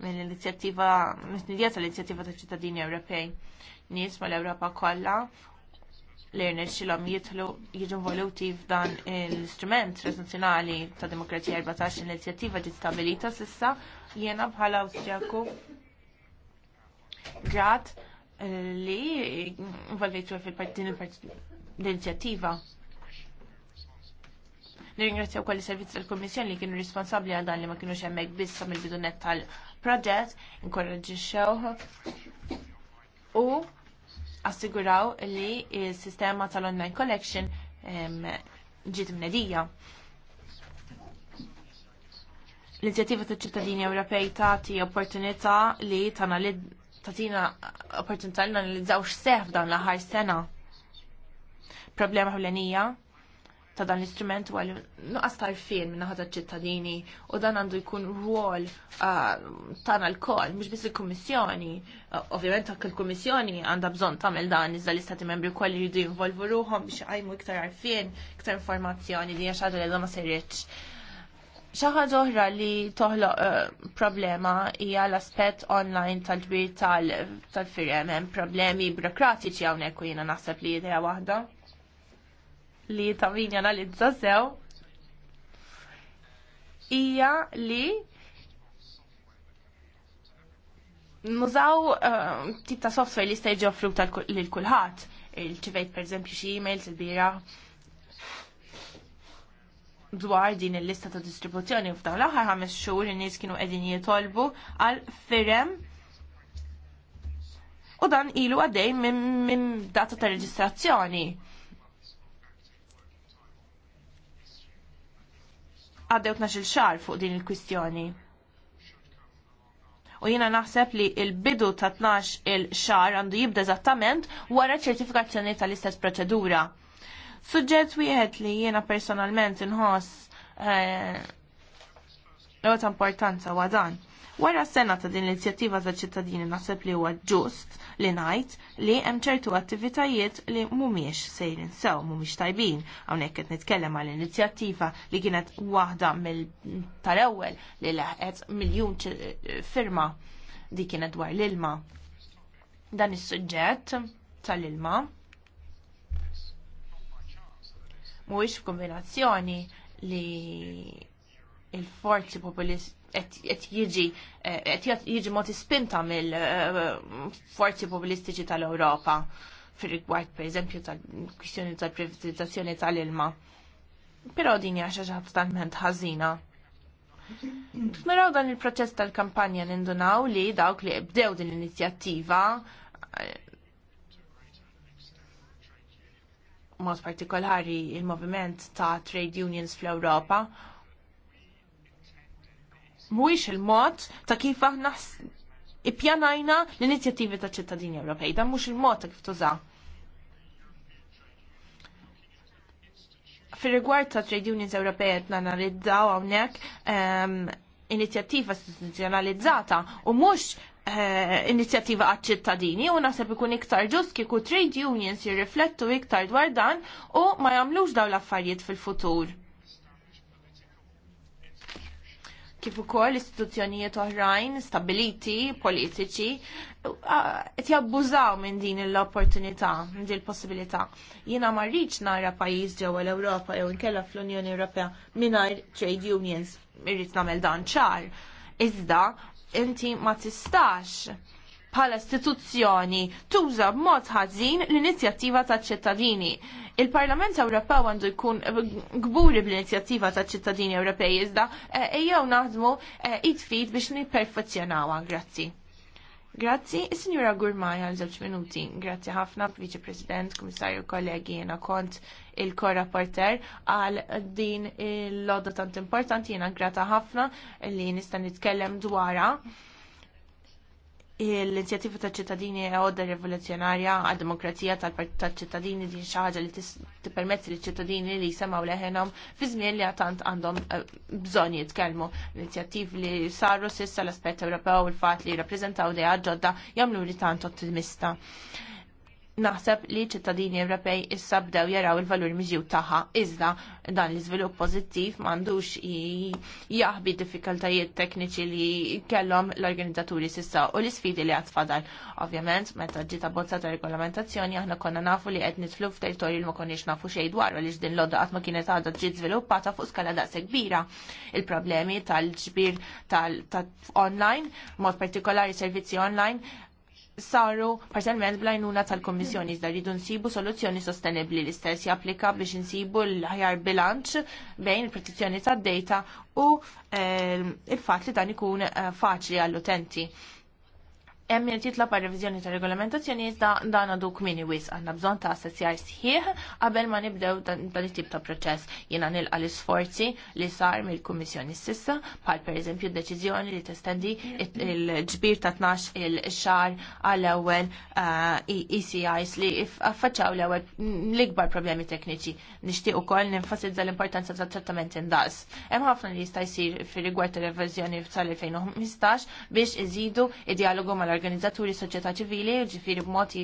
mill-inizjattiva, l inizjattiva tal-inizjattiva ta' ċittadini Ewropej. Nies mal-Ewropa kollha li xilom jidħlu jiġu voluti f'dan l-istrument transnazzjonali ta' demokrazija 14 l-inizjattiva ġiet stabilita s'issa jiena bħala Austriaku. Grazie li involvejtu fil-partin l-inizjattiva. Nirringrazzja wkoll is-servizz tal-Kummissjoni li kienu responsabbli għal dan li ma kienux hemmhekk biss sa mill-bidunet tal-proġett, inkoraġġixxew u assiguraw li s-sistema tal-online collection ġiet mnedija. L-inizjattiva tal-ċittadini Ewropej tagħti opportunità li tanalizza tatina opportunità li nanalizzaw x'seħħ f'dan l-aħħar sena. Problema ħulenija ta' dan l-istrument u għalli nuqqas tarfin minna ħadda ċittadini u dan għandu jkun rwol ah, tagħna l-kol, mux bis il-kommissjoni. Ah, Ovvijament għak il-kommissjoni għanda bżon tagħmel dan iżda l-istati membri kolli jridu jinvolvu ruħom biex għajmu iktar arfin, iktar informazzjoni, dinja xaġa li għadha ma serriċ ħaġa oħra li toħloq eh, problema hija l-aspett online tal-ġbir tal-firem hemm problemi burokratiċi hawnhekk u jiena naħseb li idea waħda li ta' min janalizza sew hija li nużaw eh, tit ta' software li staj jiġi tal lil kulħadd. Il-ċivejt xie xi emails il-bira dwar din il-lista ta' distribuzzjoni f'dawn l-aħħar ħames xhur in-nies kienu qegħdin jitolbu għal firem u dan ilu għaddej minn min data ta' reġistrazzjoni. Għaddew il xar fuq din il-kwistjoni. U jina naħseb li il-bidu ta' 12 il-xar għandu jibda eżattament wara ċertifikazzjoni tal-istess proċedura. Suġġett wieħed li jiena personalment inħoss eh, l ta' importanza wa dan. Wara s-sena ta' din l-inizjattiva ta' ċittadini naħseb li huwa ġust li ngħid li hemm ċertu attivitajiet li mhumiex sejrin sew, mhumiex tajbin. Hawnhekk qed nitkellem għal inizjattiva li kienet waħda mill tal-ewwel li leħqet miljun firma di kienet dwar l-ilma. Dan is-suġġett tal-ilma mhuwiex f'kombinazzjoni li il-forzi populist qed jiġi eh, qed jiġi mod ispinta mill-forzi populistiċi tal-Ewropa fir-rigward pereżempju tal-kwistjoni tal-privatizzazzjoni tal-ilma. Però din hija xi ħaġa talment ħażina. Naraw dan il-proċess tal-kampanja nindunaw li dawk li bdew din l-inizjattiva eh, mod partikolari il-moviment ta' trade unions fl-Ewropa. Mhuwiex il-mod ta' kif aħna ippjanajna l-inizjattivi ta' ċittadini Ewropej, dan mhux il-mod ta' kif tuża. Fir-rigward ta' Trade Unions Ewropej qed nanalizzaw hawnhekk ehm, inizjattiva istituzzjonalizzata u mhux Eh, inizjattiva għad-ċittadini u naħseb ikun iktar ġust kieku trade unions jirriflettu iktar dwar dan u ma jagħmlux dawn l-affarijiet fil-futur. kif ukoll istituzzjonijiet oħrajn stabiliti politiċi qed jabbużaw minn din l-opportunità, minn din il-possibilità. Jiena ma rridx nara pajjiż ġewwa l-Ewropa jew inkella fl-Unjoni Ewropea mingħajr trade unions irrid nagħmel dan ċar. Iżda inti ma tistax bħala istituzzjoni tuża b'mod ħażin l-inizjattiva taċ ċittadini. Il-Parlament Ewropew għandu jkun gburi bl-inizjattiva taċ ċittadini Ewropej iżda eh, ejjew naħdmu eh, it-tfid biex nipperfezzjonawha. Grazzi. Grazzi, signora sinjura Gurmaj għal żewġ minuti. Grazzi ħafna, Viċi President, Komissarju, kollegi, jena kont il korraporter għal din il-loda tant importanti, jena grata ħafna li nista' nitkellem dwarha l-inzjattiva ta' ċittadini għodda rivoluzjonarja għad demokrazija tal-ċittadini din xaħġa li tippermetti li ċittadini li jisemaw leħenom fi żmien li għatant għandhom eh, bżonn jitkelmu. L-inzjattiv li saru sissa l-aspett Ewropew il fatt li jirrappreżentaw dejja ġodda jagħmlu li tant ottimista naħseb li ċittadini Ewropej issa bdew jaraw il-valur miġju tagħha iżda dan l-iżvilupp pożittiv m'għandux jaħbi diffikultajiet tekniċi li kellhom l-organizzaturi sissa u l-isfidi li għad fadal. Ovvjament, meta ġiet abbozza ta' regolamentazzjoni aħna konna nafu li qed nitflu f'territorju li ma konniex nafu xejn dwar għaliex din l-odda qatt ma kienet għadha ġiet żviluppata fuq skala daqs kbira. Il-problemi tal-ġbir tal-online, mod partikolari servizzi online, saru parzialment blajnuna tal-Kommissjoni iżda rridu nsibu soluzzjoni sostenibli l-istess japplika biex nsibu l-ħjar bilanċ bejn il-protezzjoni tad-data u eh, il-fatt li dan ikun eh, faċli għall-utenti hemm li titla' par reviżjoni ta' regolamentazzjoni da dan għadu kmini wis għandna bżonn ta' assessjar sħiħ qabel ma nibdew dan it-tip ta' proċess. Jiena nilqa' l-isforzi li sar mill-Kummissjoni s'issa bħal pereżempju d-deċiżjoni li testendi il-ġbir ta' 12 il-xar għall-ewwel ECIs eh, e- e li affaċċaw l-ewwel l-ikbar problemi tekniċi. Nixtieq ukoll ninfasizza l-importanza ta' trattament indaqs. Hemm ħafna li jista' jsir fir-rigward ta' revizjoni sal-2015 biex iżidu id-dialogu mal organizzaturi soċjetà ċivili, ġifiri b'mod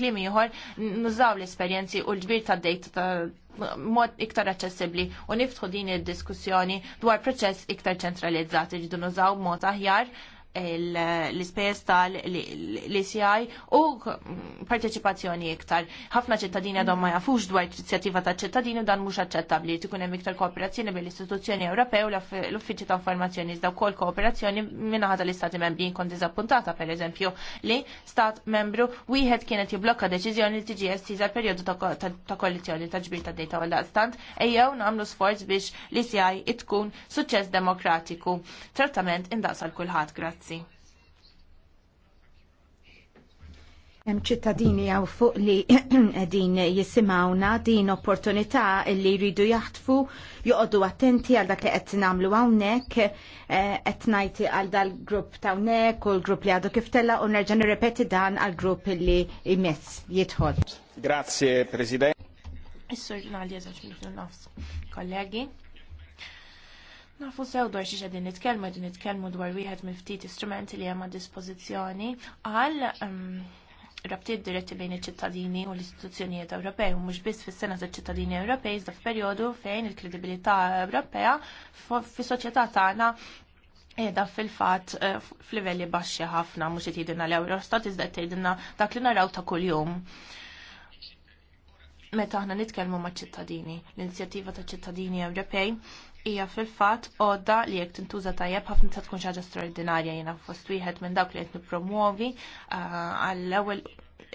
kliem ieħor nużaw l-esperjenzi u l-ġbir ta' ta' mod iktar aċċessibbli u niftħu din id-diskussjoni dwar proċess iktar ċentralizzati, ġdu nużaw mod aħjar l-ispejjeż tal-ICI u parteċipazzjoni iktar. Ħafna ċittadini għadhom ma jafux dwar inizjattiva ta' ċittadini u dan mhux aċċettabbli tkun hemm iktar kooperazzjoni bil-istituzzjoni Ewropew l-Uffiċċju ta' Informazzjoni iżda wkoll kooperazzjoni minnaħa tal-Istati Membri jkun diżappuntata pereżempju li stat membru wieħed kienet jiblokka deċiżjoni li tiġi estiża perjodu ta' koalizzjoni ta' ġbir ta' dejta għal stant ejjew nagħmlu sforz biex l-ICI tkun suċċess demokratiku. Trattament indaqsal kulħadd, grazzi. Grazzi. Hemm ċittadini għaw fuq li (clears throat) din jisimawna din opportunità li jridu jaħtfu joqogħdu attenti għal dak li qed nagħmlu hawnhekk eh, qed ngħid għal dal-grupp ta' hawnhekk u l-grupp li għadu kif tella u nerġa' nirrepeti dan għal grupp li jmiss jidħol. Grazie President. Is-Sur Ġurnali eżaġ mill-nofs. Kollegi, Nafu sew dwar xiex għedin nitkelmu, għedin nitkelmu dwar wieħed mill ftit istrumenti li hemm għad dispożizzjoni għal ehm, rabtiet diretti bejn iċ-ċittadini u l-istituzzjonijiet Ewropej u mhux biss fis-sena tal-ċittadini Ewropej iżda f'perjodu fejn il-kredibilità Ewropea fis-soċjetà tagħna Eda fil-fat eh, f'livelli baxxi ħafna mhux qed jidilna l-Eurostat iżda qed dak li naraw ta' kuljum. Meta aħna nitkellmu maċ-ċittadini, l-inizjattiva ta' ċittadini Ewropej hija fil-fatt għodda li jekk tintuża tajjeb ħafna ta' tkun ħaġa straordinarja jiena fost wieħed minn dawk li qed nippromuovi ah, għall-ewwel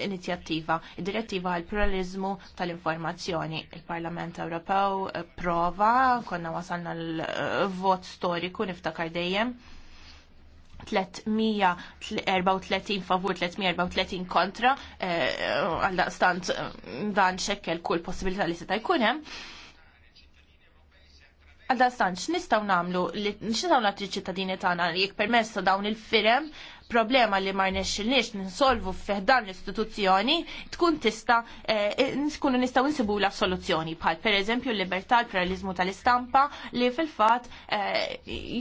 inizjattiva, id-direttiva għal pluralizmu tal-informazzjoni. Il-Parlament Ewropew eh, prova, konna wasalna l-vot storiku niftakar dejjem. 334 favur, 334 kontra, eh, għal-daqstant eh, dan xekkel kull possibilità li seta' jkun hemm Għadda stan, x'nistgħu nagħmlu li x'nistgħu nagħti ċittadini tagħna jekk permezz dawn il-firem problema li ma rnexxilniex ninsolvu f'dan l-istituzzjoni tkun tista eh, eh, nkunu nistgħu nsibu la soluzzjoni bħal pereżempju l-libertà l-pluralizmu tal-istampa li fil-fatt eh,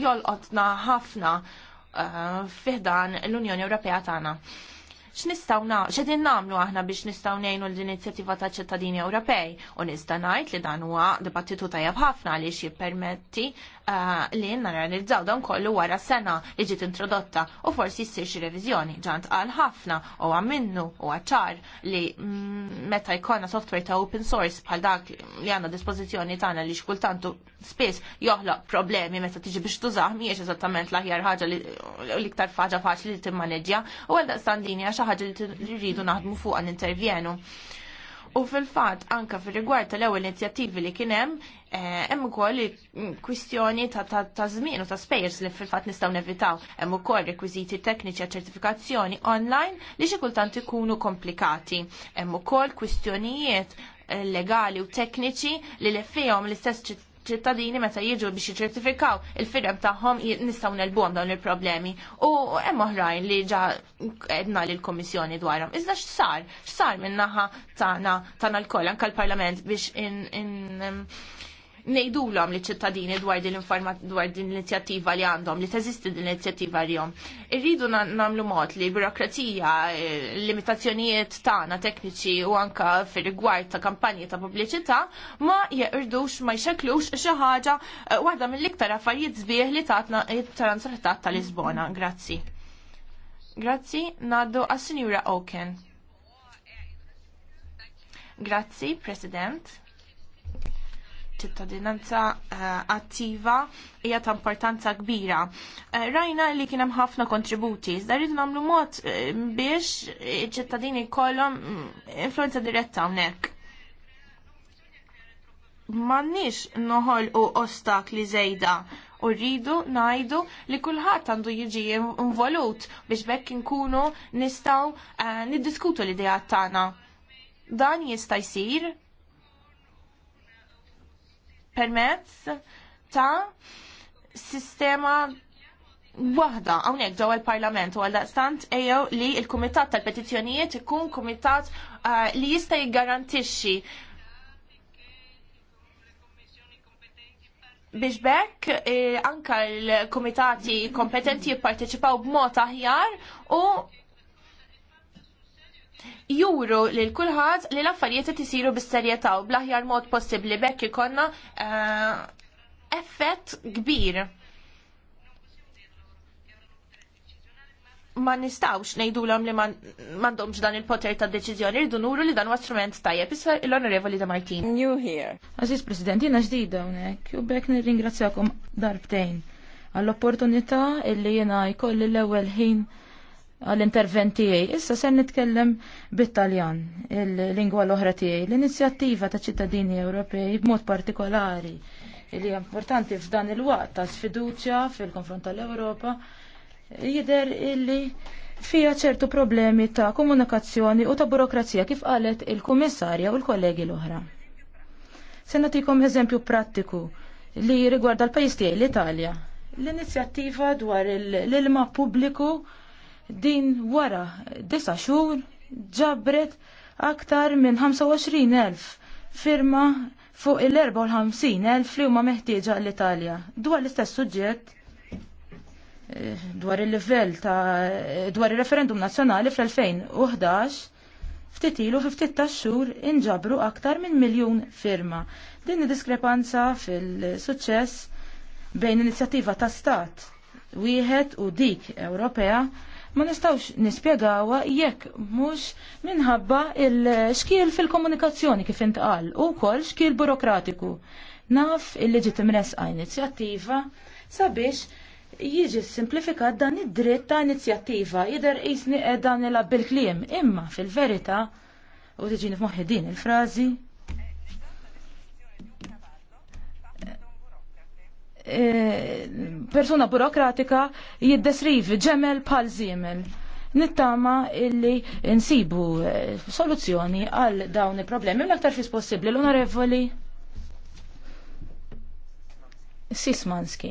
jolqotna ħafna f'dan l-Unjoni Ewropea tagħna x'nistgħu nagħmlu, x'qegħdin nagħmlu aħna biex nistgħu ngħinu l-inizjattiva ta' ċittadini Ewropej u nista' ngħid li dan huwa dibattitu tajjeb ħafna għaliex jippermetti uh, li narrealizzaw dan kollu wara sena li ġiet introdotta u forsi jsir xi reviżjoni ġant qal ħafna u għamminnu u għaċċar li mm, meta jkollna software ta' open source bħal dak li għandna dispożizzjoni tagħna li xkultantu spiss joħloq problemi meta tiġi biex tużaħ mhijiex eżattament l-aħjar ħaġa li l iktar faġa faċli li timmaneġġja u għal daqstan dini ħaġa li rridu naħdmu fuqha intervjenu. U fil-fatt anka fir-rigward tal-ewwel inizjattivi li kien hemm, eh, hemm ukoll kwistjoni ta' żmien u ta' spejers li fil-fatt nistgħu nevitaw. Hemm ukoll rekwiżiti tekniċi għal ċertifikazzjoni online li xi kultant ikunu komplikati. Hemm ukoll kwistjonijiet eh, legali u tekniċi li leffihom l-istess ċittadini meta jiġu biex jiċertifikaw il-firem tagħhom nistgħu nelbuhom dawn il-problemi. U hemm oħrajn li ġa edna l kommissjoni dwarhom. Iżda x'sar? X'sar min-naħa tagħna tagħna l-koll anke l-Parlament biex in, in nejdulom li ċittadini dwar din l-inizjattiva li għandhom, li teżisti din l-inizjattiva li jom. Irridu namlu mod li burokrazija, eh, limitazzjonijiet tagħna tekniċi u anka fir rigward ta' kampanji ta' pubbliċità ma jeqirdux ma jxeklux xi ħaġa eh, waħda mill-iktar affarijiet zbieħ li tatna it-transrattat ta' Lisbona. Grazzi. Grazzi, naddu għas-Sinjura Oken. Grazzi, President ċittadinanza eh, attiva hija ta' importanza kbira. Eh, rajna li kien hemm ħafna kontributi, iżda rridu nagħmlu mod eh, biex iċ-ċittadini jkollhom mm, influenza diretta hawnhekk. M'għandniex noħolqu ostakli żejda u rridu najdu li kulħadd għandu jiġi involut biex bekk inkunu nistgħu niddiskutu l-idea tagħna. Dan jista' jsir permezz ta' sistema waħda hawnhekk ġewwa il parlament u għaldaqstant ejjew li l-Kumitat tal-Petizzjonijiet ikun kumitat uh, li jista' jiggarantixxi biex bekk eh, anka l-komitati kompetenti jipparteċipaw b'mod aħjar u juru li l-kulħadd li l-affarijiet qed isiru bis-serjetà u bl-aħjar mod possibbli bekk ikonna uh, effett kbir. ma nistawx nejdulhom li m'għandhomx dan il-poter ta' deċiżjoni rridu nuru li dan huwa strument tajjeb. Issa l-Onorevoli De Martin. New here. Aziz President, jiena ġdida unek, u bekk nirringrazzjakom darbtejn għall-opportunità illi jiena jkolli l-ewwel ħin għall interventi tiegħi. Issa se nitkellem bit-Taljan, il-lingwa l-oħra tiegħi. L-inizjattiva ta' ċittadini Ewropej b'mod partikolari li importanti f'dan il-waqt ta' sfiduċja fil-konfront tal-Ewropa jidher illi fija ċertu problemi ta' komunikazzjoni u ta' burokrazija kif qalet il-kummissarja u l-kollegi l-oħra. Sen natikom eżempju prattiku li rigwarda l-pajjiż tiegħi l-Italja. L-inizjattiva dwar l-ilma pubbliku Din wara disa xhur ġabret aktar minn 25,000 firma fuq il-54,000 li huma meħtieġa l-Italja. Dwar l-istess suġġett eh, dwar il-livell ta' dwar il-referendum nazzjonali fl-2011 ftit ilu fi ftit ta' xhur inġabru aktar minn miljun firma. Din diskrepanza fil-suċċess bejn inizjattiva ta' stat wieħed u dik Ewropea ma nistawx nispiegawa jekk mhux minħabba il-xkiel fil-komunikazzjoni kif intqal u wkoll xkiel burokratiku. Naf il-liġi timresqa inizjattiva sabiex jiġi simplifikat dan id-dritt ta' inizjattiva jidher qisni dan il bil-kliem imma fil-verità u tiġini f'moħħi din il-frażi Eh, persuna burokratika jiddesrivi ġemel bħal zimel. Nittama illi nsibu eh, soluzzjoni għal dawn il-problemi l-aktar fis possibli l-onorevoli Sismanski.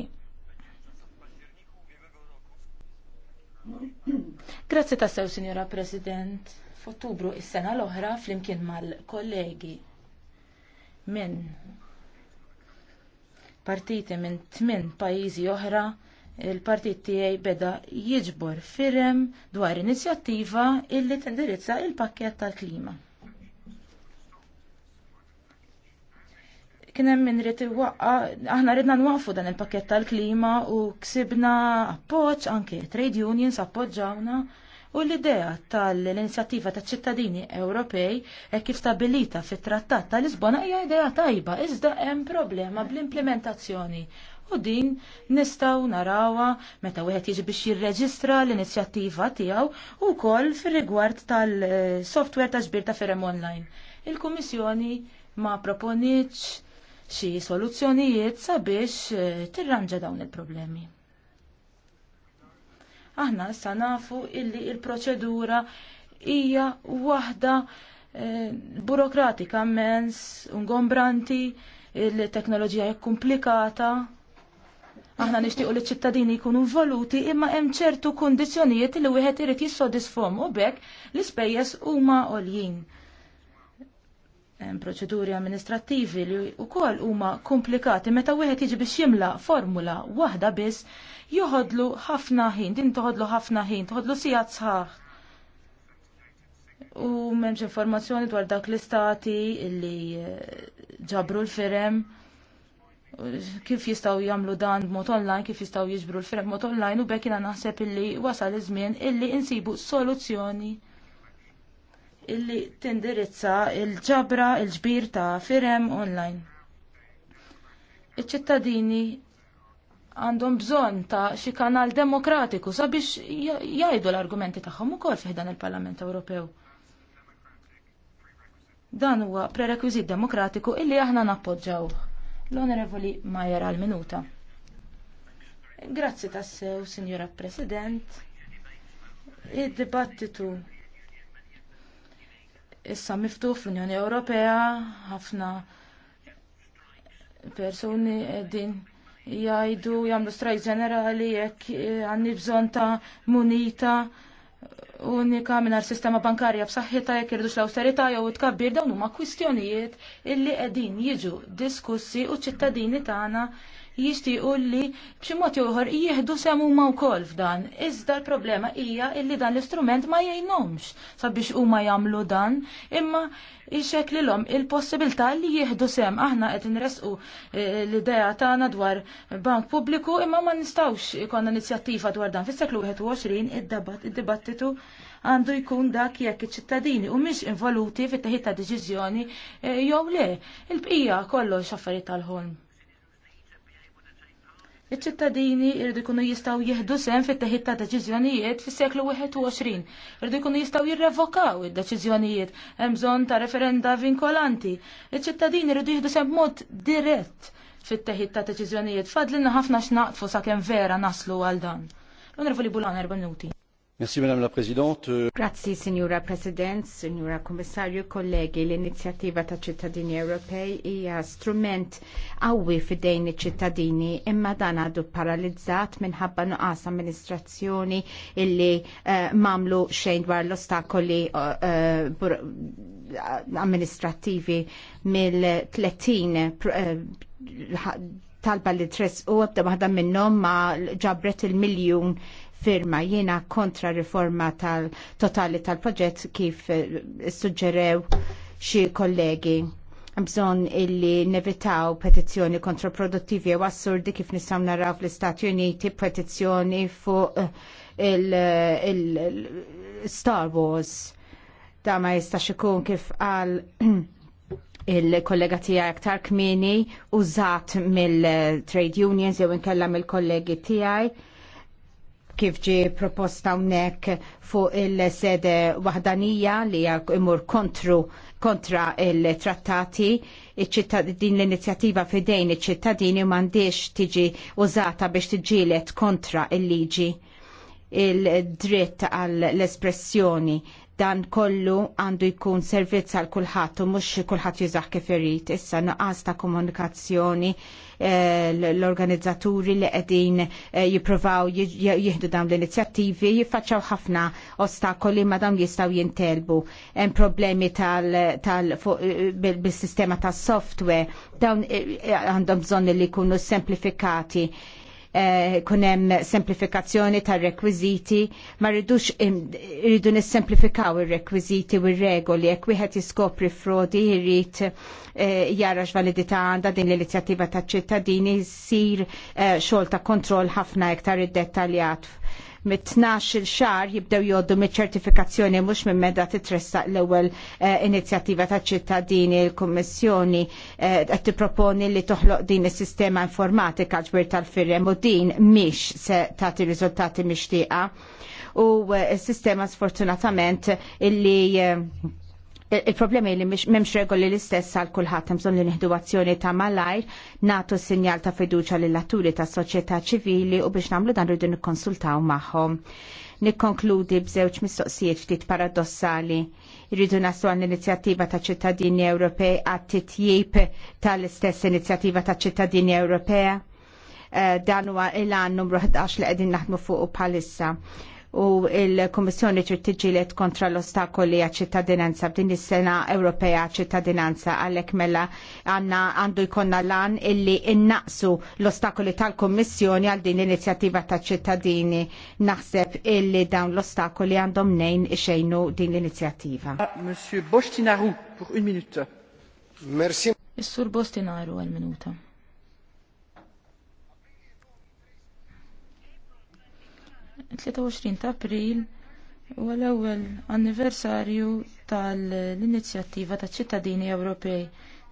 Grazzi tassew, Signora President. F'Ottubru is-sena l-oħra flimkien mal-kollegi minn partiti minn tmien pajjiżi oħra, il-partit tiegħi beda jiġbor firem dwar inizjattiva illi tindirizza il-pakket tal-klima. Kien hemm min rid iwaqqa, aħna ridna nwaqfu dan il-pakket tal-klima u ksibna appoġġ anke trade unions appoġġawna. U l-idea tal-inizjattiva ta' ċittadini Ewropej e kif stabilita fit trattat tal-Lisbona hija idea tajba, iżda hemm problema bl-implementazzjoni. U din nistgħu narawha meta wieħed jiġi biex jirreġistra l-inizjattiva tiegħu wkoll fir-rigward tal-software ta' ġbir ta' ferem online. Il-Kummissjoni ma proponitx xi soluzzjonijiet sabiex tirranġa dawn il-problemi aħna sa nafu illi il-proċedura hija waħda eh, burokratika mens, ungombranti, il-teknoloġija hekk komplikata. Aħna nixtiequ li ċittadini jkunu involuti imma hemm ċertu kundizzjonijiet li wieħed irid jissodisfhom u bekk l-ispejjeż huma għoljin. Hemm proċeduri amministrattivi li wkoll huma komplikati meta wieħed jiġi biex jimla formula waħda biss joħodlu ħafna ħin, din toħodlu ħafna ħin, toħodlu sija sħaħ. U memx informazzjoni dwar dak l-istati illi eh, ġabru l-firem kif jistaw jamlu dan b'mod online, kif jistaw jiġbru l firem mod online u bekkina jiena naħseb illi wasal iż-żmien illi insibu soluzzjoni illi tindirizza il-ġabra, il-ġbir ta' firem online. Iċ-ċittadini għandhom bżonn ta' xi kanal demokratiku sabiex jgħidu l-argumenti tagħhom ukoll fih dan il-Parlament Ewropew. Dan huwa prerekwiżit demokratiku illi aħna nappoġġaw. L-Onorevoli Majer għal-minuta. Grazzi tassew, Sinjora President. Id-dibattitu issa miftuħ fl-Unjoni Ewropea, ħafna persuni din jgħidu jagħmlu strajk ġenerali jekk eh, għanni bżonn ta' munita unika minar sistema bankarja b'saħħitha jekk irdux l austerità jew tkabbir dawn huma kwistjonijiet illi qegħdin jiġu diskussi u ċittadini tagħna jisti li b'xi mod ieħor jieħdu ma' huma wkoll f'dan. Iżda l-problema hija li dan l-istrument ma jgħinhomx sabiex huma jagħmlu dan, imma l-om il-possibilità li jieħdu sem aħna qed nresqu eh, l-idea tagħna dwar bank pubbliku imma ma nistawx ikonna inizjattiva dwar dan. Fis-seklu 21 id-dibattitu għandu jkun dak jekk iċ-ċittadini u mhix involuti fit-teħid ta' deċiżjoni eh, jew le. Il-bqija kollox affarijiet tal-ħolm. Iċ-ċittadini irridu jkunu jistgħu jieħdu sehem fit-teħid ta' deċiżjonijiet fis-seklu 21. Irridu jkunu jistgħu jirrevokaw id-deċiżjonijiet hemm bżonn ta' referenda vinkolanti. Iċ-ċittadini irridu jieħdu sehem b'mod dirett fit-teħid ta' deċiżjonijiet. Fadlinna ħafna x'naqtfu sakemm vera naslu għal dan. Onorevoli Bulan, erba' minuti. Merci Madame la Presidente. Grazzi Signora President, Signora Kommissarju, kollegi, l-inizjattiva ta' ċittadini Ewropej hija strument qawwi fidejn iċ-ċittadini imma dan għadu paralizzat minħabba nuqqas amministrazzjoni illi uh, mamlu xejn dwar l-ostakoli uh, uh, amministrativi mill-30 talba li tres u għabda maħda minnom ma ġabret il-miljon firma jiena kontra riforma tal-totali tal-proġett kif eh, suġġerew xi kollegi. Bżon illi nevitaw petizzjoni kontraproduttivi u assurdi kif nistgħu naraw fl-Istati Uniti petizzjoni fuq eh, il-Star Wars. Da ma jistax ikun kif għal (clears throat) il-kollega tijaj aktar kmini użat mill-trade unions jew inkella mill-kollegi tijaj kif ġie proposta hawnhekk fuq il-sede waħdanija li imur kontru kontra il-trattati din l-inizjattiva fidejn iċ-ċittadini m'għandix tiġi użata biex tiġilet kontra il-liġi il-dritt għall-espressjoni dan kollu għandu jkun servizz għal kulħadd u mhux kulħadd jużaħ kif irid issa naqas ta' komunikazzjoni Eh, l-organizzaturi li qegħdin eh, jippruvaw jieħdu dawn l-inizjattivi jifacċaw ħafna ostakoli ma dawn jistgħu jintelbu. Hemm problemi tal eh, sistema tas-software dawn għandhom bżonn li jkunu semplifikati Eh, kunem semplifikazzjoni tar rekwiziti ma rridux rridu nissemplifikaw ir-rekwiziti u r-regoli jekk wieħed jiskopri frodi jrid jarax eh, jara x'validità għandha din l-inizjattiva taċ-ċittadini jsir eh, xogħol ta' kontroll ħafna iktar iddettaljat mit-12 xar jibdew joddu mit-ċertifikazzjoni mhux minn meta titressaq l-ewwel eh, inizjattiva ta' ċittadini l-Kummissjoni eh, qed tipproponi li toħloq din is-sistema informatika ġbir tal-firrem u din mhix se tagħti riżultati mixtieqa. U eh, s-sistema sfortunatament illi il-problemi li memx regoli l-istess għal kulħadd hemm bżonn li nieħdu azzjoni ta' malajr, nagħtu sinjal ta' fiduċja lill atturi tas soċjetà ċivili u biex nagħmlu dan rridu nikkonsultaw magħhom. Nikkonkludi b'żewġ mistoqsijiet ftit paradossali. Rridu naslu għall inizjattiva ta' ċittadini Ewropej għat titjib tal-istess inizjattiva ta' ċittadini Ewropea. Eh, dan huwa il-għan numru 11 li qegħdin naħdmu fuq bħalissa u il-Kommissjoni trid tiġilet kontra l-ostakoli għal ċittadinanza b'din is-sena Ewropea ċittadinanza għalhekk mela għandna għandu jkollna lan illi innaqsu l-ostakoli tal-Kommissjoni għal din l-inizjattiva ta' ċittadini naħseb illi dawn l-ostakoli għandhom nejn xejnu din l-inizjattiva. Monsieur Bostinaru, pour un minute. Merci. Is-sur Bostinaru għal minuta. 23 ta' april u l-ewwel anniversarju tal-inizjattiva ta' ċittadini Ewropej.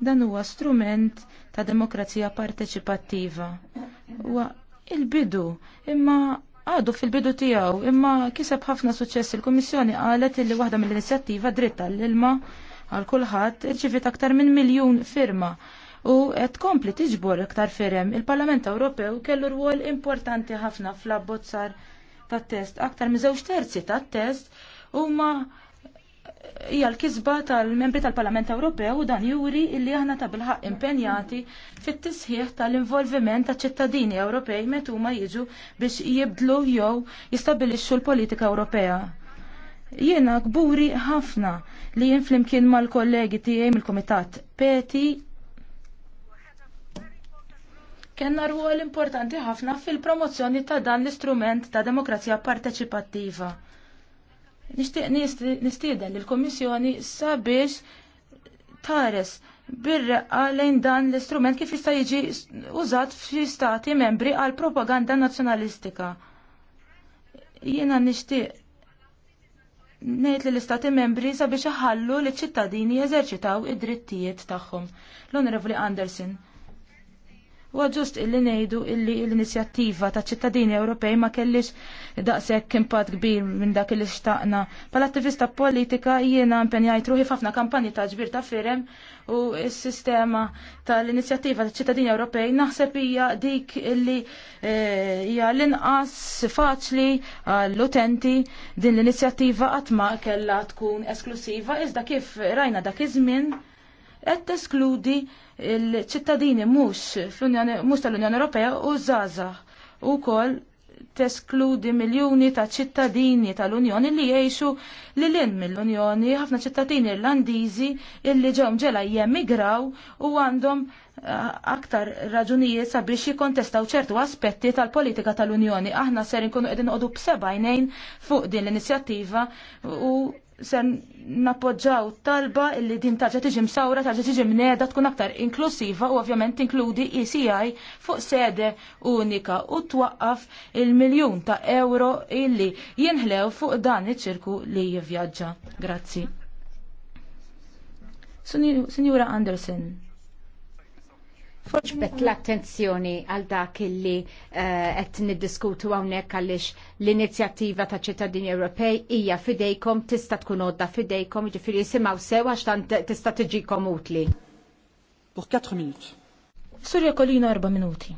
Dan huwa strument ta' demokrazija parteċipattiva. Huwa il-bidu imma għadu fil-bidu tiegħu, imma kiseb ħafna suċess il kummissjoni qalet li waħda mill-inizjattiva dritt l-ilma għal kulħadd irċivit aktar minn miljun firma u qed kompli tiġbor iktar firem. Il-Parlament Ewropew kellu rwol importanti ħafna fl-abbozzar tat-test. Aktar minn żewġ terzi tat-test huma hija l-kisba tal-membri tal-Parlament Ewropew u dan juri illi aħna ta' bilħaq impenjati fit-tisħiħ tal-involviment ta' ċittadini Ewropej meta huma jiġu biex jibdlu jew jistabilixxu l-politika Ewropea jiena kburi ħafna li jien flimkien mal-kollegi tiegħi mill-Kumitat Peti kellna rwol importanti ħafna fil-promozzjoni ta' dan l-istrument ta' demokrazija parteċipattiva. Nixtieq nistieden lill-Kummissjoni sabiex tares birreqqa lejn dan l-istrument kif jista' jiġi użat fi stati membri għal propaganda nazzjonalistika. Jiena nixtieq ngħid li l-istati membri sabiex iħallu li ċittadini jeżerċitaw id-drittijiet tagħhom. L-Onorevoli Anderson. U ġust illi ngħidu illi l-inizjattiva ta' ċittadini Ewropej ma kellix daqshekk impatt kbir minn dak li xtaqna. Pal attivista politika jiena impenjajt ruħi f'ħafna kampanji ta' ġbir ta' firem u s-sistema tal-inizjattiva ta' ċittadini Ewropej naħseb hija dik illi eh, hija l-inqas faċli għall-utenti din l-inizjattiva qatt ma kellha tkun esklusiva iżda kif rajna dak iż-żmien qed teskludi l-ċittadini mhux mhux tal-Unjoni Ewropea u żgħażagħ ukoll teskludi miljuni ta' ċittadini tal-Unjoni li jgħixu li l-in mill-Unjoni, ħafna ċittadini irlandiżi illi ġew ġela jemigraw u għandhom eh, aktar raġunijiet sabiex jikontestaw ċertu aspetti tal-politika tal-Unjoni. Aħna ser nkunu qegħdin noqogħdu b'seba' fuq din l-inizjattiva u sen napoġġaw talba illi din tarġa tiġi msawra, tarġa tiġi mneda tkun aktar inklusiva u ovvjament inkludi ECI fuq sede unika u twaqqaf il-miljun ta' euro illi jinħlew fuq dan iċ-ċirku li jivvjaġġa. Grazzi. Signora Anderson. Forġbet l-attenzjoni għal dak illi eh, qed uh, niddiskutu hawnhekk għaliex l-inizjattiva ta' ċittadini Ewropej hija fidejkom tista' tkun għodda fidejkom, jiġifieri jisimaw sew għax tant tista' tġikom utli. Pour 4 minuti. Surja kolina 4 minuti.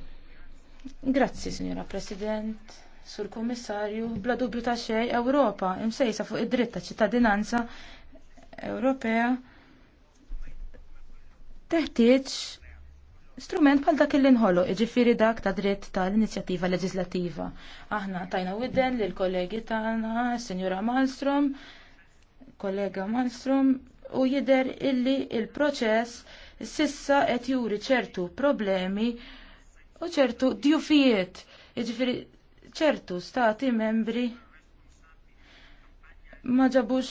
Grazzi, Signora President, Sur Kommissarju, bla dubju ta' xej, Ewropa imsejsa fuq id-dritt ċittadinanza Ewropea teħtieġ strument pal dak il-inħollu, iġifiri dak ta' dritt tal-inizjattiva leġislativa. Aħna tajna widden lil kollegi tagħna, Sinjura Malmstrom, kollega Malmstrom, u jider illi il-proċess sissa qed juri ċertu problemi u ċertu djufijiet, iġifiri ċertu stati membri ma ġabux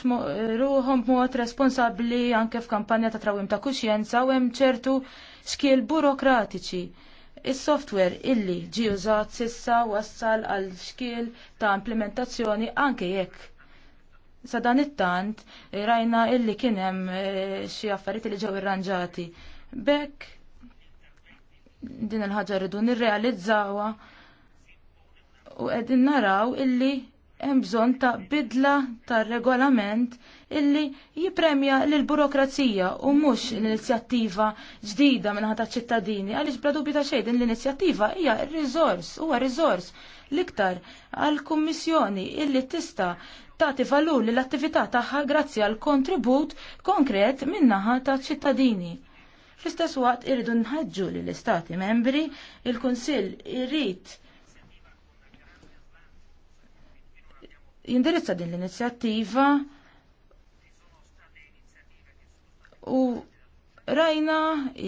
ruħom mod responsabbli anke f'kampanja ta' trawim ta' kuxjenza u hemm ċertu xkiel burokratiċi. Is-software illi ġi użat sissa wassal għal xkiel ta' implementazzjoni anke jekk. Sa dan it-tant rajna illi kien hemm eh, xi affarijiet li ġew irranġati. Bekk din il-ħaġa rridu nirrealizzawha u qegħdin naraw illi hemm bżonn ta' bidla tar regolament illi jipremja lil burokrazija u mhux l-inizjattiva ġdida minn ta' ċittadini għaliex bla dubju ta' xejn din l-inizjattiva hija riżors huwa riżors l-iktar għall kummissjoni illi tista' tagħti valur lill attività tagħha grazzi għal kontribut konkret min-naħa ta' ċittadini. Fl-istess waqt irridu nħeġġu lill istati membri, il-Kunsill irrid jindirizza din l-inizjattiva u rajna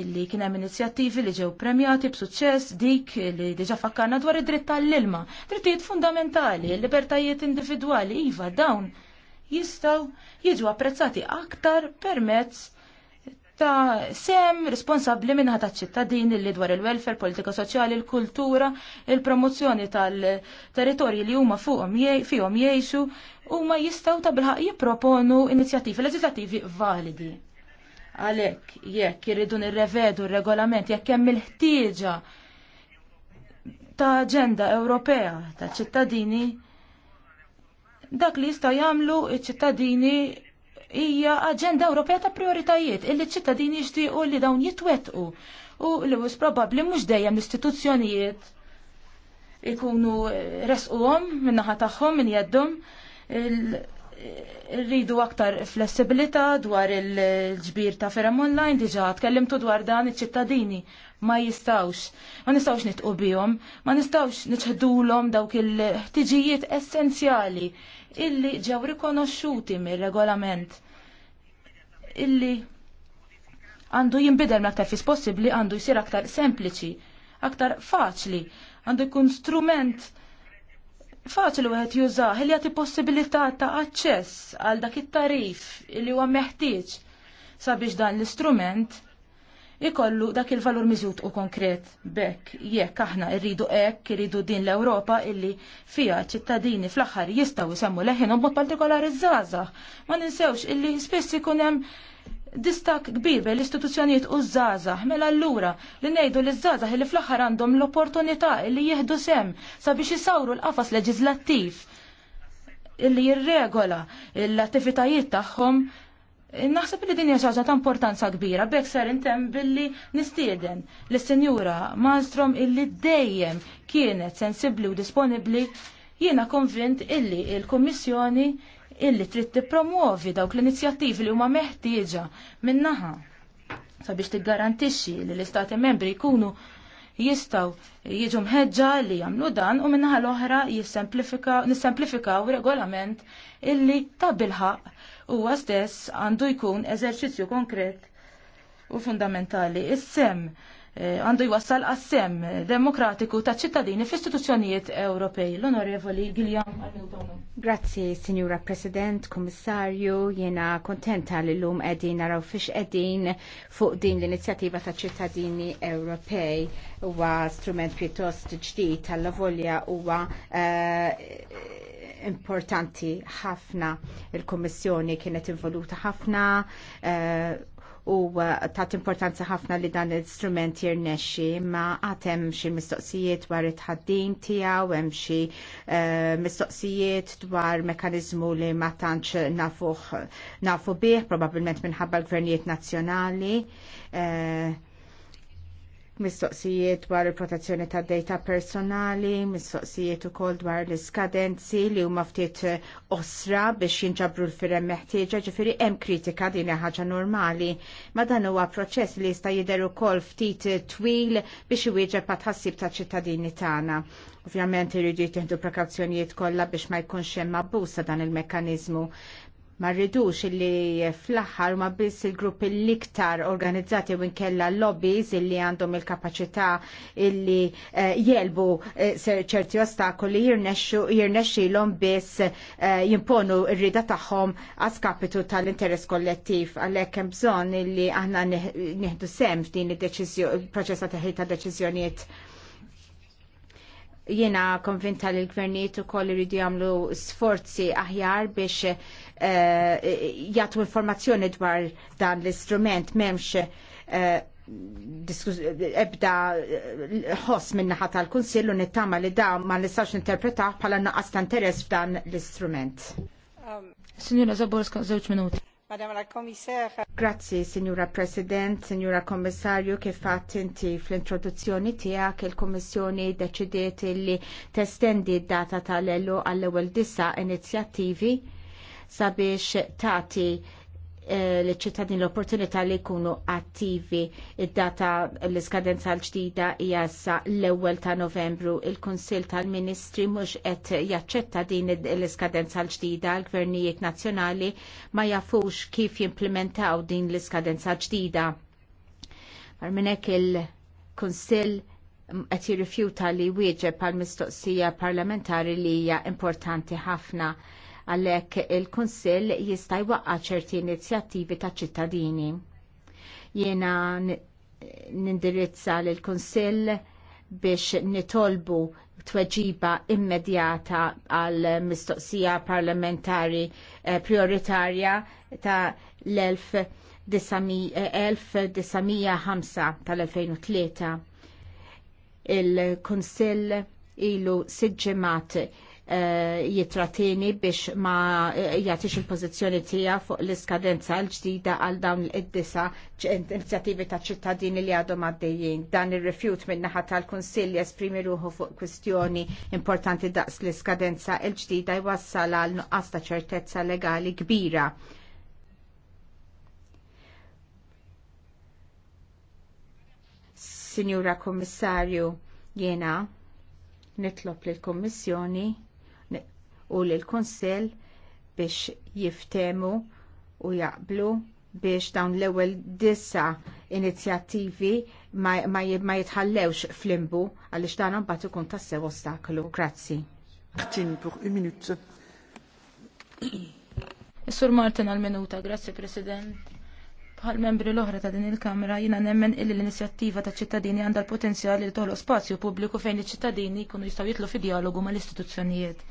illi kien hemm inizjattivi li ġew premjati b'suċċess dik li diġà fakkarna dwar id-dritt tal-ilma, drittijiet fundamentali, libertajiet individwali, iva dawn jistgħu jiġu apprezzati aktar permezz ta' sem responsabli minnaħat ta' ċittadini li dwar il-welfare, politika soċjali, il-kultura, il-promozzjoni tal-territorji li huma fuqhom fihom jgħixu huma jistgħu ta' bilħaq jipproponu inizjattivi leġislattivi validi. Għalhekk jekk irridu nirrevedu r-regolament jekk hemm il-ħtieġa ta' aġenda Ewropea ta' ċittadini dak li jista' jagħmlu ċ-ċittadini hija aġenda Ewropea ta' prioritajiet illi ċ-ċittadini jixtiequ li dawn jitwettqu u li wis probabbli mhux dejjem l-istituzzjonijiet ikunu eh, resquhom min-naħa tagħhom min jeddhom rridu aktar flessibilità dwar il-ġbir ta' ferem online diġà tkellimtu dwar dan iċ-ċittadini ma jistawx, ma nistawx nitqu bihom, ma nistawx niċħdulhom dawk il-ħtiġijiet essenzjali illi ġew rikonoxxuti mir-regolament illi għandu jinbidel l-aktar fis possibbli għandu jsir aktar sempliċi, aktar faċli, għandu jkun strument faċli wieħed jużaħ, illi jagħti possibilità ta' aċċess għal dak it-tarif illi huwa meħtieġ sabiex dan l-istrument ikollu dak il-valur miżut u konkret bekk jekk aħna rridu hekk irridu din l-Ewropa illi fija ċittadini fl-aħħar jistgħu jsemmu leħinhom mod partikolari żgħażagħ. Ma ninsewx illi spiss ikun hemm distak kbir bejn l-istituzzjonijiet u żgħażagħ mela allura li ngħidu li żgħażagħ illi fl-aħħar għandhom l-opportunità illi jieħdu sem sabiex isawru l-qafas leġislattiv illi jirregola l-attivitajiet tagħhom Naħseb li din hija ta' importanza kbira, bek ser intem billi nistieden lis senjura Malmstrom illi dejjem kienet sensibbli u disponibbli jiena konvint illi il-Kummissjoni illi trid tippromuovi dawk l-inizjattivi li huma meħtieġa minnaħa sabiex tiggarantixxi li l-Istati membri jkunu jistaw jiġu mħeġġa li jagħmlu dan u minnaħa l-oħra nissemplifikaw regolament illi ta' bilħaq huwa stess għandu jkun eżerċizzju konkret u fundamentali. Is-sem eh, għandu jwassal għas-sem demokratiku ta' ċittadini fl-istituzzjonijiet Ewropej. L-Onorevoli Giljam Grazzi, Signora President, Kommissarju, jena kontenta li l-lum edin naraw fiex edin fuq din l-inizjativa ta' ċittadini Ewropej huwa strument pjuttost ġdid tal-lavolja huwa uh, importanti ħafna. Il-Kommissjoni kienet involuta ħafna eh, u eh, tat importanza ħafna li dan l instrument jirnexxi imma għatem xi mistoqsijiet dwar it-ħaddin tiegħu hemm xi eh, mistoqsijiet dwar mekanizmu li ma tantx nafu bih probabbilment minħabba l-gvernijiet nazzjonali. Uh, mistoqsijiet dwar il-protezzjoni ta' data personali, mistoqsijiet u kol dwar l-iskadenzi li huma ftit eh, osra biex jinġabru l-firem meħtieġa ġifiri hemm kritika din ħaġa normali. Ma dan huwa proċess li jista' jidher ukoll ftit eh, twil biex iwieġeb għat tħassib ta' ċittadini tagħna. Ovvjament irridu jittieħdu prekawzjonijiet kollha biex ma jkunx hemm abbuż ta' dan il-mekkaniżmu ma rridux illi fl-aħħar ma biss il-grupp l-iktar organizzati u nkella lobbies illi għandhom il-kapacità illi eh, jelbu eh, ċerti ostakoli jirnexxilhom biss eh, jimponu r-rida tagħhom għaskapitu tal-interess kollettiv għalhekk hemm bżonn illi aħna nieħdu sem f'din id-deċiżjoni proċessa ta' deċiżjonijiet Jiena konvinta li l-gvernijiet ukoll iridu jagħmlu sforzi aħjar biex uh, jagħtu informazzjoni dwar dan l-istrument m'hemmx uh, ebda eh, ħoss uh, min-naħa tal-Kunsill u nittama li da ma nistax interpretaħ bħala naqas ta' interess f'dan l-istrument. Um, Signora Zaborska, żewġ minuti. Madam la Commissaire. Grazzi, Signora President, Signora Kommissarju, kif fatt inti fl-introduzzjoni che il-Kommissjoni deċidiet li testendi d-data tal-ellu għall-ewwel disa inizjattivi sabiex tati Eh, l-ċittadin l-opportunità li jkunu attivi id-data l-iskadenza l-ġdida hija l-ewwel ta' Novembru. Il-Kunsill tal-Ministri mhux qed jaċċetta din l-iskadenza l-ġdida l-gvernijiet nazzjonali ma jafux kif jimplementaw din l-iskadenza ġdida. Arminek il-Kunsill qed jirrifjuta li wieġeb għal mistoqsija parlamentari li hija importanti ħafna għalhekk il-Kunsill jista' waqqa ċerti inizjattivi ta' ċittadini. Jiena nindirizza lill kunsill biex nitolbu tweġiba immedjata għal mistoqsija parlamentari eh, prioritarja ta' l-1905 tal-2003. Il-Konsill ilu siġġemat Eh, jitratini biex ma eh, jagħtix il-pożizzjoni tija fuq l-iskadenza l-ġdida għal dawn id-disa inizjativi ta' ċittadini li għadhom għaddejjin. Dan ir-rifjut min-naħa tal-Kunsill jesprimi ruħu fuq kwistjoni importanti daqs l-iskadenza l-ġdida jwassal għal nuqqas ta' ċertezza legali kbira. Sinjura Kommissarju, jena nitlob lill-Kummissjoni u lill-Kunsill biex jiftemu u jaqblu biex dawn l-ewwel disa inizjattivi ma, ma, ma jitħallewx flimbu għaliex dan imbagħad ikun tassew ostaklu. Grazzi. Sur Martin għal-minuta, grazzi President. Bħal membri l-oħra ta' din il-Kamra jina nemmen illi l-inizjattiva ta' ċittadini għandha l-potenzjali li toħlo spazju pubbliku fejn iċ-ċittadini jkunu jistgħu jitlu fi dialogu mal-istituzzjonijiet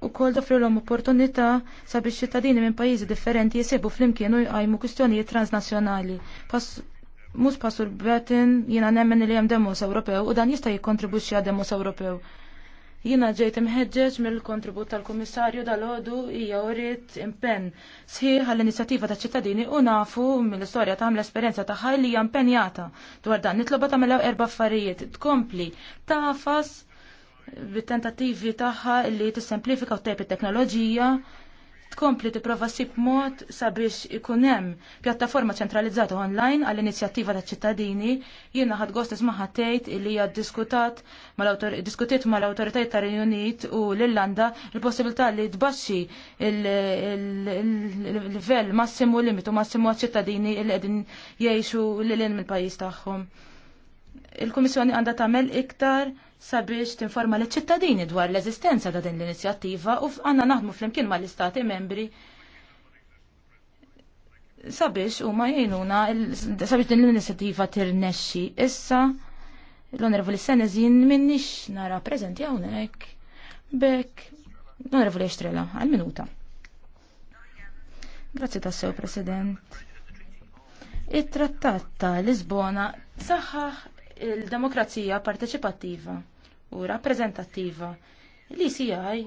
u kol dafru l-om opportunità sabiex ċittadini minn pajjiżi differenti jisibu flimkien u jqajmu kustjonijiet transnazzjonali. mus pasur betin jina nemmen li jem demos Ewropew u dan jista' jikkontribwixxi għad demos Ewropew. Jina ġejt imħeġġeġ mill-kontribut tal-Kummissarju dal-ħodu hija uriet impenn sħiħ għall-inizjattiva ta' ċittadini u nafu mill-istorja ta' l esperienza ta' ħaj li hija impenjata dwar dan nitloba tagħmel erba' affarijiet tkompli tafas ta bit-tentattivi tagħha li tissemplifika u tejp it-teknoloġija tkompli tipprova ssib mod sabiex ikun hemm pjattaforma ċentralizzata online għall inizjattiva ta' ċittadini jiena ħad gost nisma' tgħid li hija ddiskutat diskutiet mal-awtoritajiet tar Unit u l-Irlanda il-possibilità li tbaxxi il-livell massimu limitu massimu għaċ-ċittadini li qegħdin jgħixu lil mill-pajjiż tagħhom. Il-Kummissjoni għandha tagħmel iktar sabiex tinforma l ċittadini dwar l-eżistenza ta' din l-inizjattiva u għanna naħdmu flimkien ma' l-istati membri sabiex u ma' jgħinuna sabiex din l-inizjattiva tirnexxi. Issa l-onorevoli Senezin minnix nara prezenti hawnhekk. Bek, l-onorevoli Estrela, għal-minuta. Grazzi Sew President. It-trattat ta' Lisbona saħħa il-demokrazija parteċipattiva u rappreżentattiva. L-ECI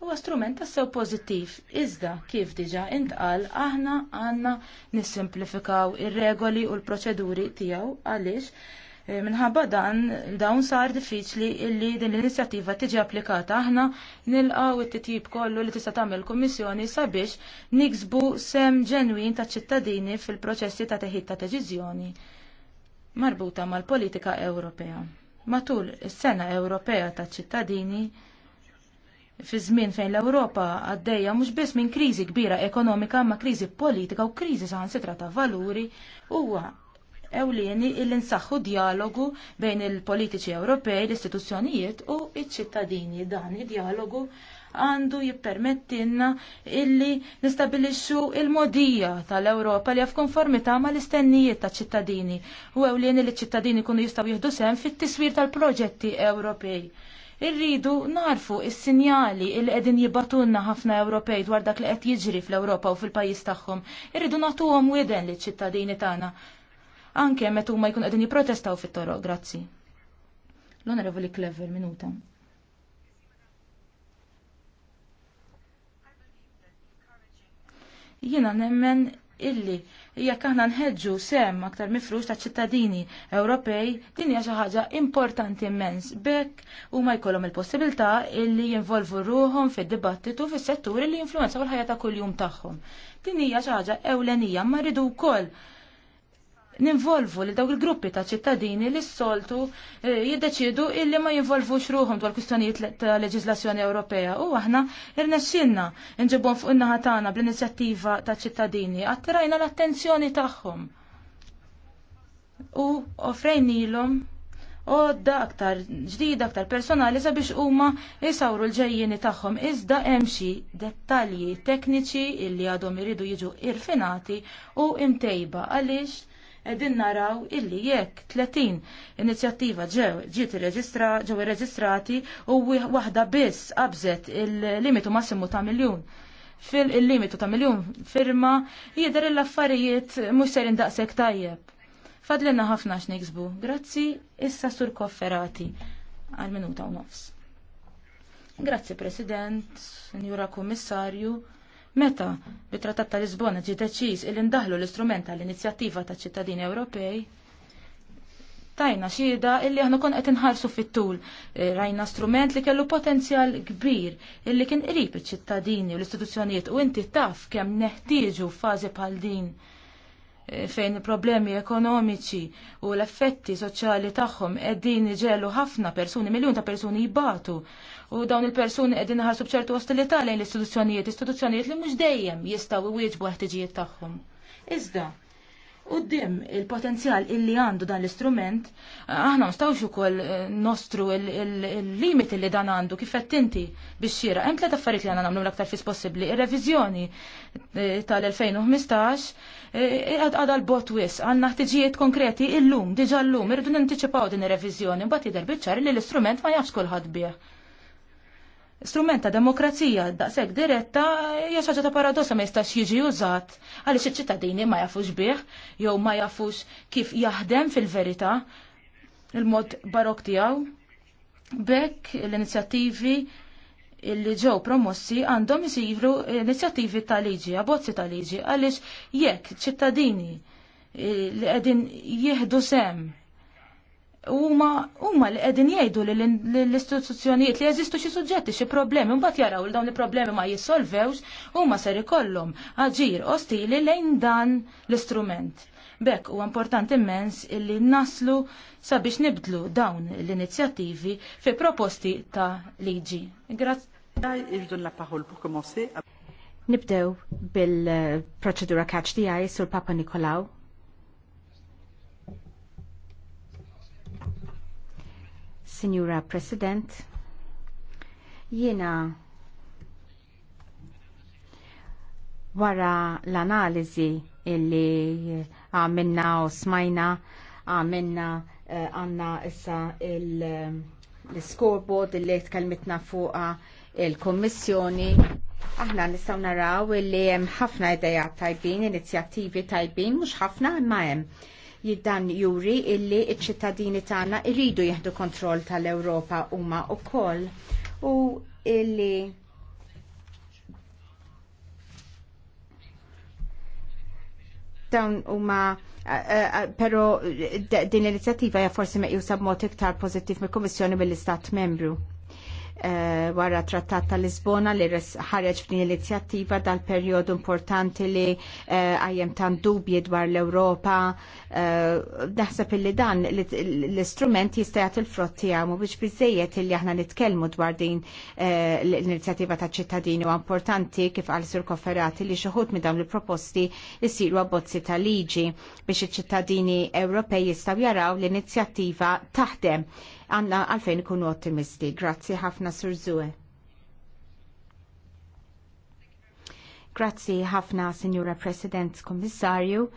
huwa strument tassew pozittif iżda kif diġà intqal aħna għanna nissimplifikaw ir-regoli u l-proċeduri tiegħu għaliex eh, minħabba dan dawn sar diffiċli illi din l-inizjattiva tiġi applikata aħna nilqaw it-titjib kollu li tista' tagħmel kummissjoni sabiex niksbu sem ġenwin taċ ċittadini fil-proċessi ta' teħid ta' deċiżjoni marbuta mal-politika Ewropea. Matul is-sena Ewropea taċ ċittadini fi żmien fejn l-Ewropa għaddejja mhux biss minn kriżi kbira ekonomika ma kriżi politika u kriżi saħansitra ta' valuri huwa ewlieni il nsaħħu dialogu bejn il-politiċi Ewropej, l-istituzzjonijiet u iċ-ċittadini. Dan id-dialogu għandu jippermettilna illi nistabilixxu il-modija tal-Ewropa li f'konformità mal ma l-istennijiet ta' ċittadini u ewlien li ċittadini kunu jistaw jihdu sem fit-tiswir tal-proġetti Ewropej. Irridu narfu is-sinjali il qegħdin jibatunna ħafna Ewropej dwar dak li qed jiġri fl-Ewropa u fil-pajjiż tagħhom. Irridu nagħtuhom wieden liċ-ċittadini tagħna. Anke meta huma jkun qegħdin jipprotestaw fit-toroq, grazzi. L-Onorevoli Clever, minuta. Jiena nemmen illi jekk aħna nħedġu sem aktar mifrux ta' ċittadini Ewropej, din hija xi ħaġa importanti immens bekk huma jkollhom il-possibilità illi jinvolvu ruhom fid-dibattitu fis-setturi li jinfluwenzaw il-ħajja ta' kuljum tagħhom. Din hija xi ħaġa ewlenija ma rridu wkoll ninvolvu li dawk il-gruppi ta' ċittadini li s-soltu eh, jiddeċidu illi ma jinvolvux ruħum dwar kwistjonijiet ta' leġislazzjoni Ewropea u aħna irnexxinna nġibhom fuq in-naħa tagħna bl-inizjattiva ta' ċittadini attirajna l-attenzjoni tagħhom. U offrejnilhom għodda aktar ġdida aktar personali sabiex huma jisawru l-ġejjini tagħhom iżda hemm xi dettalji tekniċi illi għadhom iridu jiġu irfinati u imtejba għaliex Edin naraw illi jekk 30 inizjattiva ġew ġiet ġew irreġistrati u waħda biss qabżet il-limitu massimu ta' miljun fil-limitu ta' miljun firma jidher l-affarijiet mhux ser indaqsek tajjeb. Fadlina ħafna x'niksbu. Grazzi issa sur kofferati għal minuta u nofs. Grazzi President, Njura Kummissarju. Meta bit-Trattat ta' Lisbona ġie deċiż il indaħlu l-istrument tal-inizjattiva ta' ċittadini Ewropej, tajna xieda illi aħna kon qed inħarsu fit-tul. Eh, rajna strument li kellu potenzjal kbir illi kien qrib iċ-ċittadini u l-istituzzjonijiet u inti taf kemm neħtieġu fażi bħal din fejn problemi ekonomiċi u l-effetti soċjali tagħhom qegħdin iġelu ħafna persuni, miljun ta' persuni jibatu. U dawn il-persuni qegħdin ħarsu b'ċertu ostilità lejn l-istituzzjonijiet, istituzzjonijiet li mhux dejjem jistgħu jwieġbu ħtiġijiet tagħhom. Iżda, Uddim il-potenzjal illi għandu dan l-istrument, aħna mstawx ukoll eh, nostru il-limit illi dan għandu kif qed inti biex xira. Hemm tliet affarijiet li għandna nagħmlu l-aktar fis possibbli. Ir-reviżjoni eh, tal-2015 eh, għadha l-bot wis għandna ħtiġijiet konkreti illum, diġà llum, irridu nanticipaw din ir-reviżjoni, mbagħad jidher biċċar li l-istrument ma jafx kulħadd bih strument ta' demokrazija daqshekk diretta hija xi ħaġa ta' paradossa ma jistax jiġi użat għaliex iċ-ċittadini ma jafux bih jew ma jafux kif jaħdem fil-verità il-mod barok tiegħu. Bekk l-inizjattivi illi ġew promossi għandhom isiru inizjattivi ta' liġi, abbozzi ta' liġi, għaliex jekk ċittadini eh, li qegħdin jieħdu sem huma huma li qegħdin jgħidu li l-istituzzjonijiet li jeżistu xi suġġetti xi problemi mbagħad jaraw li dawn il-problemi ma jissolvewx huma ser ikollhom aġir ostili lejn dan l-istrument. Bekk huwa importanti immens illi naslu sabiex nibdlu dawn l-inizjattivi fi proposti ta' liġi. Grazie. Nibdew bil-proċedura catch the eye sur Papa Nikolaw Signora President, jiena wara l-analizi illi għamilna u smajna għamilna eh, għanna issa eh, l-scoreboard illi tkalmitna fuqa il-kommissjoni aħna nistaw naraw illi hemm ħafna idejat tajbin, inizjattivi tajbin, mhux ħafna imma hemm jiddan juri illi iċ-ċittadini tagħna jridu jieħdu kontroll tal-Ewropa huma wkoll u illi dawn huma però din l-inizjattiva hija forsi meqjusa b'mod iktar pożittiv mill-Kummissjoni mill-Istat Membru uh, wara trattat ta' Lisbona li ħareġ f'din l-inizjattiva dal-perjodu importanti li eh, għajjem uh, tan dubji dwar l-Ewropa. Eh, naħseb uh, illi dan l-istrument jista' jagħti l-frott tiegħu biex biżejjed illi aħna nitkellmu dwar din l-inizjattiva ta' ċittadini u importanti kif għal sur kofferati li xuħut minn dawn il-proposti jisiru abbozzi ta' liġi biex iċ-ċittadini Ewropej jistgħu jaraw l-inizjattiva taħdem għanna għalfejn ikunu ottimisti. Grazzi ħafna Sur Zue. Grazzi ħafna Signora President Kommissarju.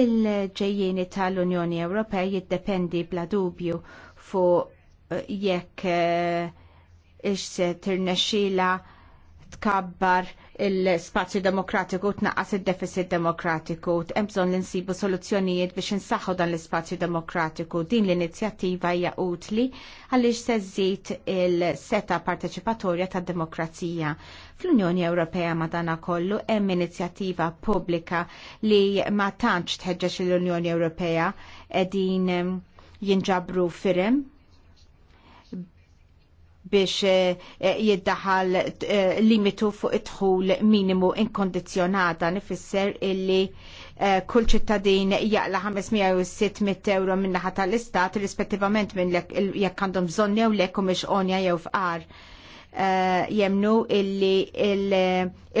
il ġejjini tal-Unjoni Ewropea jiddependi bla dubju fuq eh, jekk eh, ix se tirnexxila tkabbar il-spazju demokratiku tnaqqas il-deficit demokratiku hemm bżonn li nsibu soluzzjonijiet biex insaħħu dan l-spazju demokratiku din l-inizjattiva hija utli għaliex se żżid il-seta parteċipatorja tad-demokrazija. Fl-Unjoni Ewropea madana kollu hemm inizjattiva pubblika li ma tantx tħeġġeġ l-Unjoni Ewropea qegħdin jinġabru firem biex eh, eh, jiddaħal eh, limitu fuq it-dħul minimu inkondizjonata nifisser illi kull ċittadin jaqla 500-600 euro minnaħa tal-istat rispettivament minn jekk għandhom bżonn jew lek u miex onja jew fqar. Jemnu illi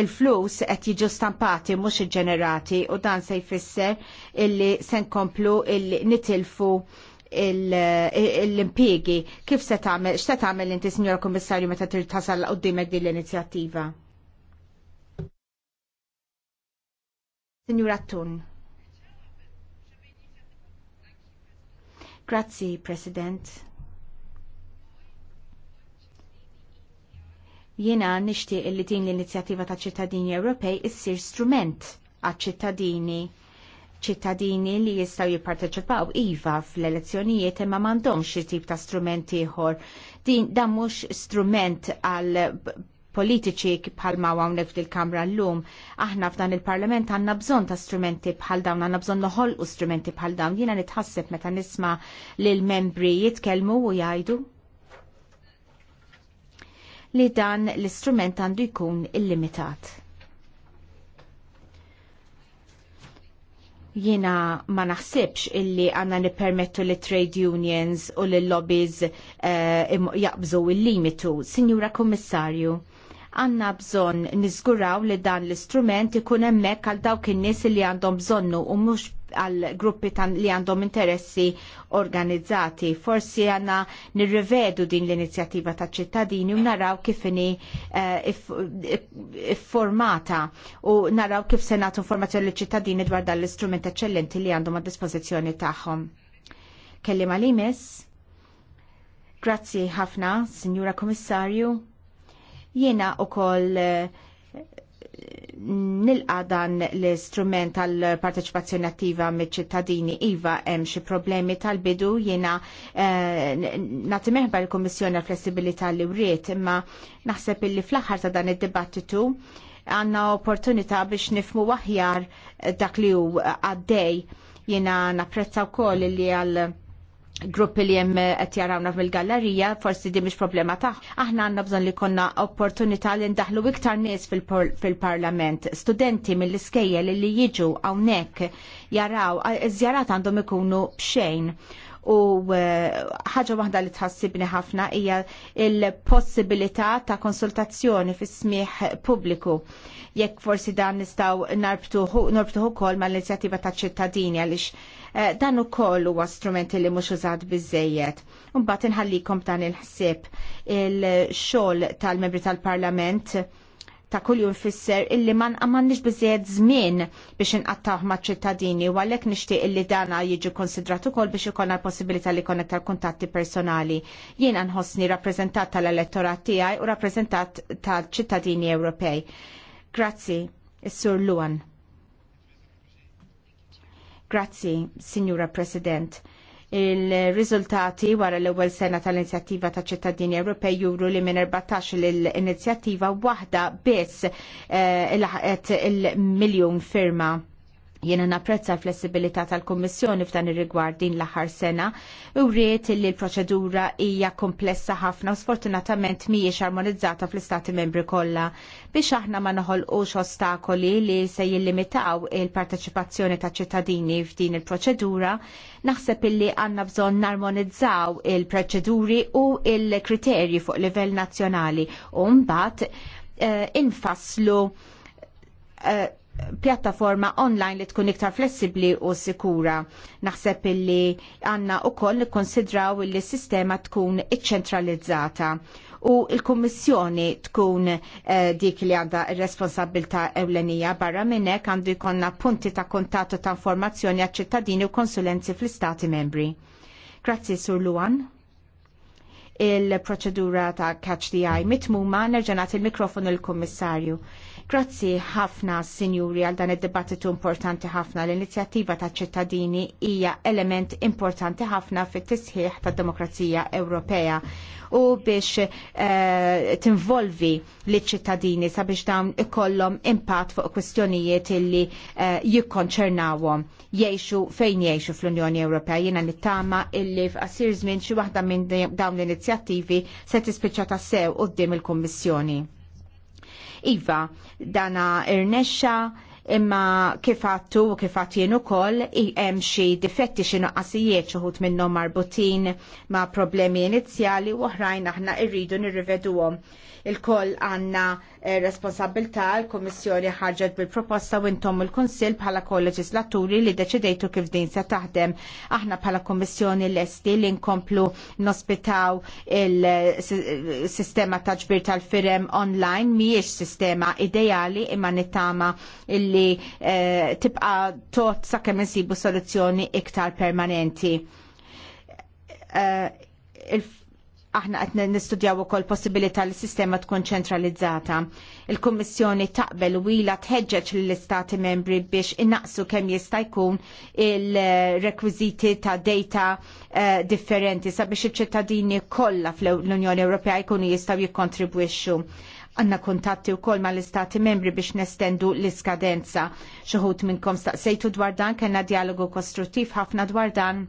il-flus qed jiġu stampati mhux iġġenerati u dan se jfisser illi se nkomplu illi nitilfu l-impiegi. Kif se tagħmel, x'se tagħmel inti, Sinjor Kummissarju, meta trid tasal qudiemek din l-inizjattiva? Sinjura Tun. Grazzi, President. Jiena nixtieq li din l-inizjattiva ta' ċittadini Ewropej issir strument għal ċittadini ċittadini li jistaw jipparteċipaw iva fl-elezzjonijiet imma m'għandhomx tip ta' strumenti ieħor. Din dan mhux strument għal politiċi ma hawnhekk fil-Kamra llum. Aħna f'dan il-Parlament għandna bżonn ta' strumenti bħal dawn, għandna bżonn noħolqu strumenti bħal dawn. Jiena nitħasseb meta nisma' l membri jitkellmu u jgħidu li dan l-istrument għandu jkun illimitat. Jiena ma naħsibx illi għanna nipermettu li trade unions u li lobbies uh, jaqbżu il-limitu. Signora Kommissarju, għanna bżon nizguraw li dan l-istrument ikun emmek għal dawk in-nies li għandhom bżonnu u mhux għal gruppi tan li għandhom interessi organizzati. Forsi għanna nirrivedu din l inizjativa ta' ċittadini u naraw kif ini eh, formata u naraw kif se nagħtu informazzjoni li ċittadini dwar dan l-istrument eccellenti li għandhom għad dispożizzjoni tagħhom. Kellim għal Grazzi ħafna, Signora Komissarju. Jena u koll uh, nilqa dan l-istrument tal-parteċipazzjoni attiva mit-ċittadini iva hemm xi problemi tal-bidu jiena eh, nagħti meħba l-Kummissjoni flessibilità li wriet imma naħseb illi fl-aħħar ta' dan id-dibattitu għandna opportunità biex nifmu aħjar dak li hu għaddej jiena napprezza wkoll li għal gruppi li jem eh, qed jarawna fil-gallerija, forsi di mish problema taħ. Aħna għandna bżonn li konna opportunità li ndaħlu iktar nies fil-parlament, studenti mill-iskejjel li jiġu hawnhekk jaraw, zjarat eh, żjarat għandhom ikunu bxejn. U eh, ħaġa waħda li tħassibni ħafna hija il-possibilità ta' konsultazzjoni fis-smieħ pubbliku jekk forsi dan nistgħu kol ma mal-inizjattiva taċ ċittadini għaliex eh, dan ukoll huwa strumenti li mhux użat biżejjed. Imbagħad inħallikom dan il-ħsieb il-xogħol tal-membri tal-Parlament ta' kull jum fisser illi man għamannix bizzejed zmin biex nqattaħ ma' ċittadini u għalek nishtiq illi dana jiġi konsidrat ukoll biex ikonna l-possibilità li konna tal-kontatti personali. Jien nħossni rappresentat tal-elettorat tiegħi u rappresentat tal-ċittadini Ewropej. Grazzi, Sir sur Luan. Grazzi, Signora President il-riżultati wara l-ewwel sena tal-inizjattiva ta' ċittadini Ewropej juru li minn 14 l-inizjattiva waħda biss eh, il miljon firma. Jena napprezza l-flessibilità tal-Kommissjoni f'dan ir-rigward din l-aħħar sena u rrit li l-proċedura hija komplessa ħafna u sfortunatament mhijiex armonizzata fl-Istati membri kollha biex aħna ma noħolqux ostakoli li se jillimitaw il-parteċipazzjoni ta' ċittadini f'din il-proċedura, naħseb illi għandna bżonn narmonizzaw il-proċeduri u il-kriterji fuq livell nazzjonali u mbagħad eh, infasslu. Eh, pjattaforma online li tkun iktar flessibli u sikura. Naħseb illi għanna u koll nikkonsidraw illi sistema tkun iċċentralizzata u il-Kommissjoni tkun eh, dik li għandha responsabilta ewlenija barra minnek għandu jkonna punti ta' kontattu ta' informazzjoni għal ċittadini u konsulenzi fl-Istati membri. Grazzi, Sur Luan. Il-proċedura ta' catch the eye mitmuma nerġanat il-mikrofonu l-Kommissarju. il mikrofonu il mikrofonu l kommissarju Grazzi ħafna, Sinjuri, għal dan id-dibattitu importanti ħafna. L-inizjattiva ta' ċittadini hija element importanti ħafna fit tisħiħ ta' demokrazija Ewropea u biex uh, tinvolvi li ċittadini sabiex dawn ikollhom impatt fuq kwestjonijiet illi uh, jikkonċernawhom jgħixu fejn jgħixu fl-Unjoni Ewropea. Jiena nittama illi f'qasir żmien xi waħda minn dawn l-inizjattivi se tispiċċa sew quddiem il-Kummissjoni. Iva, dana irnexxa imma kif għattu u kif jenu ukoll hemm xi difetti xi noqqasijiet xuħut minnhom marbutin ma' problemi inizjali u oħrajn aħna irridu nirriveduhom il-koll għanna eh, responsabilta l-Komissjoni ħarġet bil-proposta u intom il-Konsil bħala kol-leġislaturi li deċidejtu kif din se taħdem. Aħna bħala Komissjoni l-Esti li nkomplu nospitaw il-sistema taġbir tal-firem online miex sistema ideali imma nittama illi eh, tibqa tot sa' kemm insibu soluzzjoni iktar permanenti. Uh, aħna qed nistudjaw ukoll possibilità li sistema tkun ċentralizzata. Il-Kummissjoni taqbel u ila tħeġġeġ lill-Istati membri biex innaqsu kemm jista' jkun il-rekwiżiti ta' data eh, differenti sabiex iċ-ċittadini kollha fl-Unjoni Ewropea jkunu jistgħu jikkontribwixxu. Għanna kontatti wkoll mal-Istati membri biex nestendu l-iskadenza. Xuħut minnkom staqsejtu dwar dan kellna dialogu kostruttiv ħafna dwar dan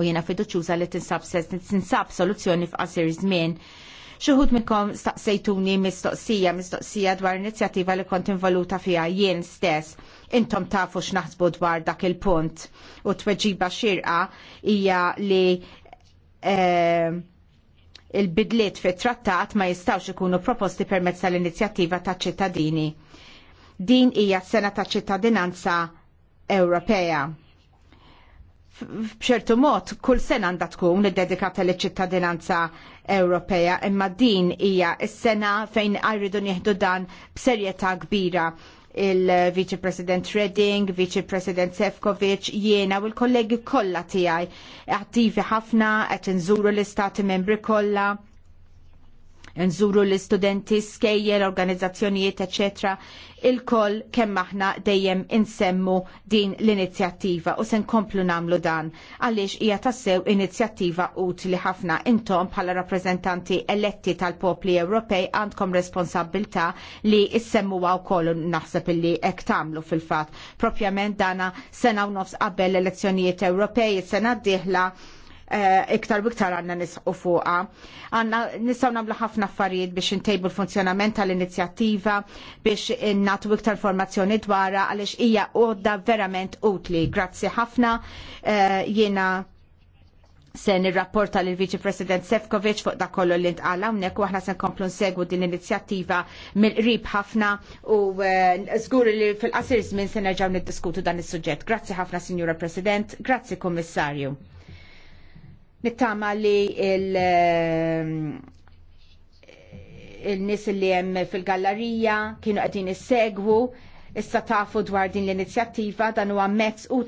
u jiena fiduċjuża li tinsab tinsab soluzzjoni f'qasir żmien. Xuħud minnkom staqsejtuni mistoqsija, mistoqsija dwar inizjattiva li kont involuta fiha jien stess. Intom tafu x'naħsbu dwar dak il-punt. U tweġiba xirqa hija li eh, il-bidliet fit trattat ma jistawx ikunu proposti permezz tal-inizjattiva ta' ċittadini. Din hija sena ta' ċittadinanza Ewropea b'ċertu mod kull sena għandha tkun dedikata liċ ċittadinanza Ewropea imma din hija s-sena fejn għajridu nieħdu dan b'serjetà kbira il-Vice President Redding, Vice President Sefcovic, jiena u l-kollegi kollha tiegħi attivi ħafna qed inżuru l-istati membri kollha nżuru l-istudenti, skejjer, organizzazzjonijiet, etc. Il-koll kemm aħna dejjem insemmu din l-inizjattiva u se nkomplu namlu dan għaliex hija tassew inizjattiva utli ħafna intom bħala rappreżentanti eletti tal-popli Ewropej għandkom responsabilta li issemmu għaw kollu naħseb illi ek tamlu fil-fat. Propjament dana sena u nofs qabel l-elezzjonijiet Ewropej, sena d-dihla Eh, iktar biktar għanna nisqu fuqa. Għanna nistaw namlu ħafna affarijiet biex intejbu l-funzjonament tal-inizjattiva biex innatu iktar formazzjoni dwarha għaliex hija għodda verament utli. Grazzi ħafna eh, jiena se nirrapporta tal viċi President Sefkovic fuq da kollu li ntqala hawnhekk u aħna se nkomplu nsegwu din l-inizjattiva mill-qrib ħafna u zgur eh, li fil-qasir żmien se nerġgħu niddiskutu dan is-suġġett. Grazzi ħafna, Signora President, grazzi Kummissarju. Nittama li il- ehm, il-nis li hemm fil-gallerija kienu qegħdin issegwu issa tafu dwar din l-inizjattiva dan huwa mezz u